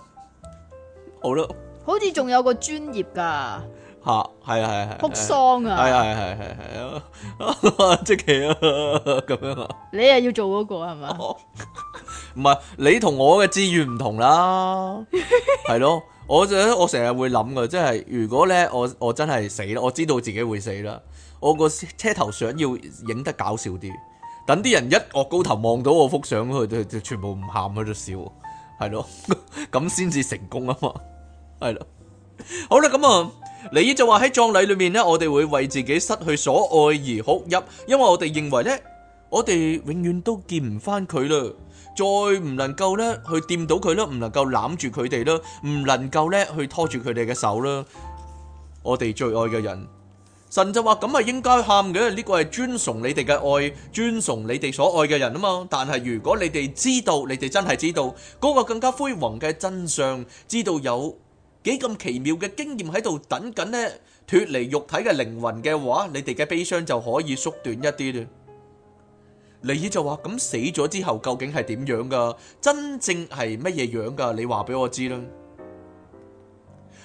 好咯。好似仲有個專業噶吓，係啊係啊，哭喪啊，係啊係係係啊，即期啊咁樣啊，你啊要做嗰、那個係咪？唔係、哦，你同我嘅志願唔同啦，係咯。 我就我成日會諗噶，即係如果咧，我我真係死啦，我知道自己會死啦。我個車頭相要影得搞笑啲，等啲人一岳高頭望到我幅相，佢就就全部唔喊喺度笑，係咯、啊，咁先至成功啊嘛。係啦，好啦，咁啊，李姨就話喺葬禮裏面咧，我哋會為自己失去所愛而哭泣，因為我哋認為咧，我哋永遠都見唔返佢啦，再唔能夠咧去掂到佢咯，唔能夠攬住佢哋咯，唔能夠咧去拖住佢哋嘅手啦，我哋最愛嘅人，神就話咁啊，應該喊嘅，呢個係尊崇你哋嘅愛，尊崇你哋所愛嘅人啊嘛，但係如果你哋知道，你哋真係知道嗰個更加輝煌嘅真相，知道有。幾咁奇妙嘅經驗喺度等緊咧，脫離肉體嘅靈魂嘅話，你哋嘅悲傷就可以縮短一啲啦。尼爾就話：咁死咗之後究竟係點樣噶？真正係乜嘢樣噶？你話俾我知啦。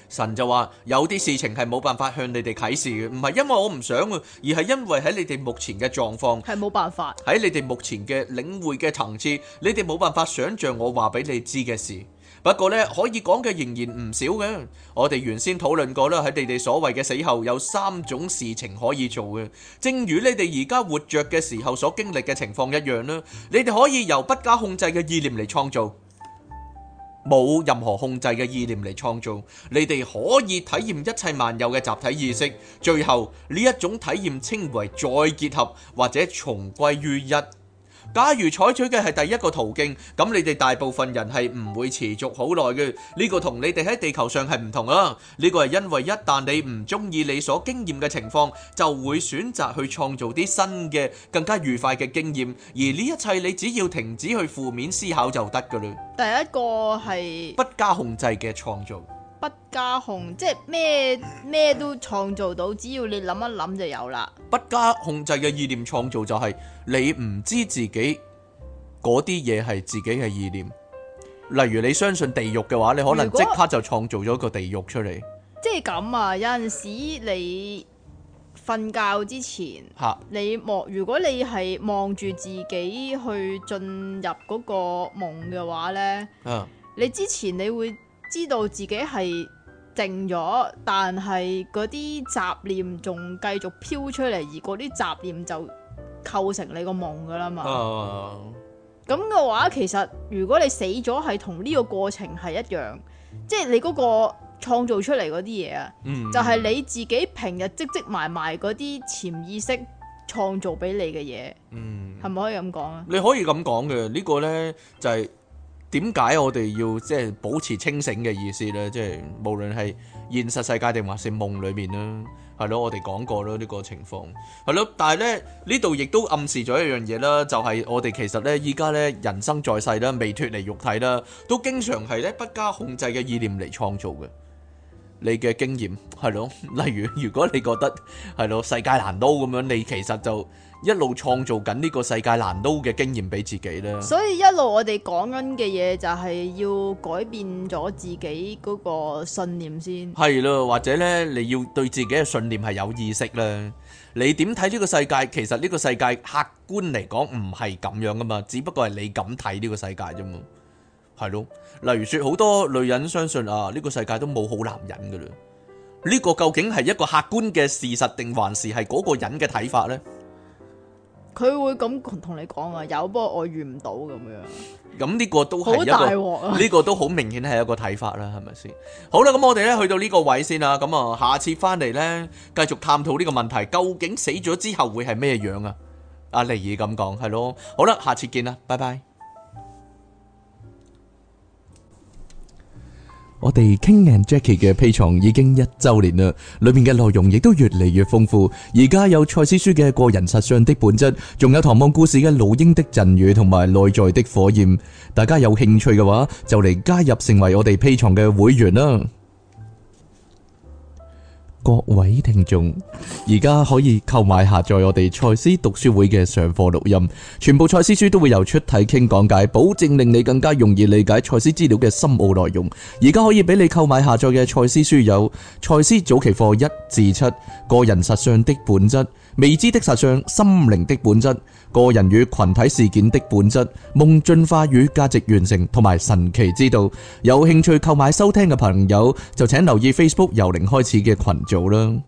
神就話：有啲事情係冇辦法向你哋啟示嘅，唔係因為我唔想，而係因為喺你哋目前嘅狀況係冇辦法喺你哋目前嘅領會嘅層次，你哋冇辦法想象我話俾你知嘅事。不過咧，可以講嘅仍然唔少嘅。我哋原先討論過啦，喺你哋所謂嘅死後，有三種事情可以做嘅，正如你哋而家活着嘅時候所經歷嘅情況一樣啦。你哋可以由不加控制嘅意念來創造，冇任何控制嘅意念來創造。你哋可以體驗一切萬有嘅集體意識，最後呢一種體驗稱為再結合，或者重歸於一。假如採取嘅係第一個途徑，咁你哋大部分人係唔會持續好耐嘅。呢個同你哋喺地球上係唔同啊。呢個係因為一旦你唔中意你所經驗嘅情況，就會選擇去創造啲新嘅更加愉快嘅經驗。而呢一切，你只要停止去負面思考就得㗎喇。第一個係不加控制嘅創造。不加控，即係咩，咩都創造到，只要你諗一諗就有啦。不加控制嘅意念創造就係、是、你唔知自己嗰啲嘢係自己嘅意念，例如你相信地獄嘅話，你可能即刻就創造咗個地獄出嚟。即係咁啊！有陣時你瞓覺之前，哈你望如果你係望住自己去進入嗰個夢嘅話呢，啊、你之前你會。知道自己係靜咗，但係嗰啲雜念仲繼續飄出嚟，而嗰啲雜念就構成你個夢噶啦嘛。哦，咁嘅話，其實如果你死咗，係同呢個過程係一樣，即係你嗰個創造出嚟嗰啲嘢啊，嗯，就係你自己平日積積埋埋嗰啲潛意識創造俾你嘅嘢，嗯，係咪可以咁講啊？你可以咁講嘅，呢個呢就係。點解我哋要即係保持清醒嘅意思咧？即係無論係現實世界定還是夢裏面啦，係咯，我哋講過咯呢個情況，係咯。但係咧呢度亦都暗示咗一樣嘢啦，就係我哋其實咧依家咧人生在世啦，未脱離肉體啦，都經常係咧不加控制嘅意念嚟創造嘅你嘅經驗係咯。例如如果你覺得係咯世界難撈咁樣，你其實就，一路創造緊呢個世界難到嘅經驗俾自己咧，所以一路我哋講緊嘅嘢就係要改變咗自己嗰個信念先係咯，或者咧你要對自己嘅信念係有意識咧。你點睇呢個世界？其實呢個世界客觀嚟講唔係咁樣噶嘛，只不過係你咁睇呢個世界啫嘛，係咯。例如說好多女人相信啊，呢個世界都冇好男人噶啦。呢個究竟係一個客觀嘅事實，定還是係嗰個人嘅睇法咧？佢會咁同你講啊，有不過我遇唔到咁樣。咁呢個都係一個大鑊啊，呢個都好明顯係一個睇法啦，係咪先？好啦，咁我哋咧去到呢個位先啦，咁啊，下次翻嚟咧繼續探討呢個問題，究竟死咗之後會係咩樣啊？阿尼爾咁講係咯，好啦，下次見啦，拜拜。我哋 King and Jackie 嘅 Patreon 已經一周年啦，裏面嘅內容亦都越嚟越豐富。而家有賽斯書嘅個人實相的本質，仲有《唐望故事》嘅老鷹的贈予同埋內在的火焰。大家有興趣嘅話，就嚟加入成為我哋 Patreon 嘅會員啦！各位聽眾，而家可以購買下載我哋賽斯讀書會嘅上課錄音，全部賽斯書都會由出題傾講解，保證令你更加容易理解賽斯資料嘅深奧內容。而家可以俾你購買下載嘅賽斯書有《賽斯早期課一至七》、《個人實相的本質》。未知的實相、心靈的本質、個人與群體事件的本質、夢進化與價值完成同埋神奇之道。有興趣購買收聽嘅朋友，就請留意 Facebook 由零開始嘅群組啦。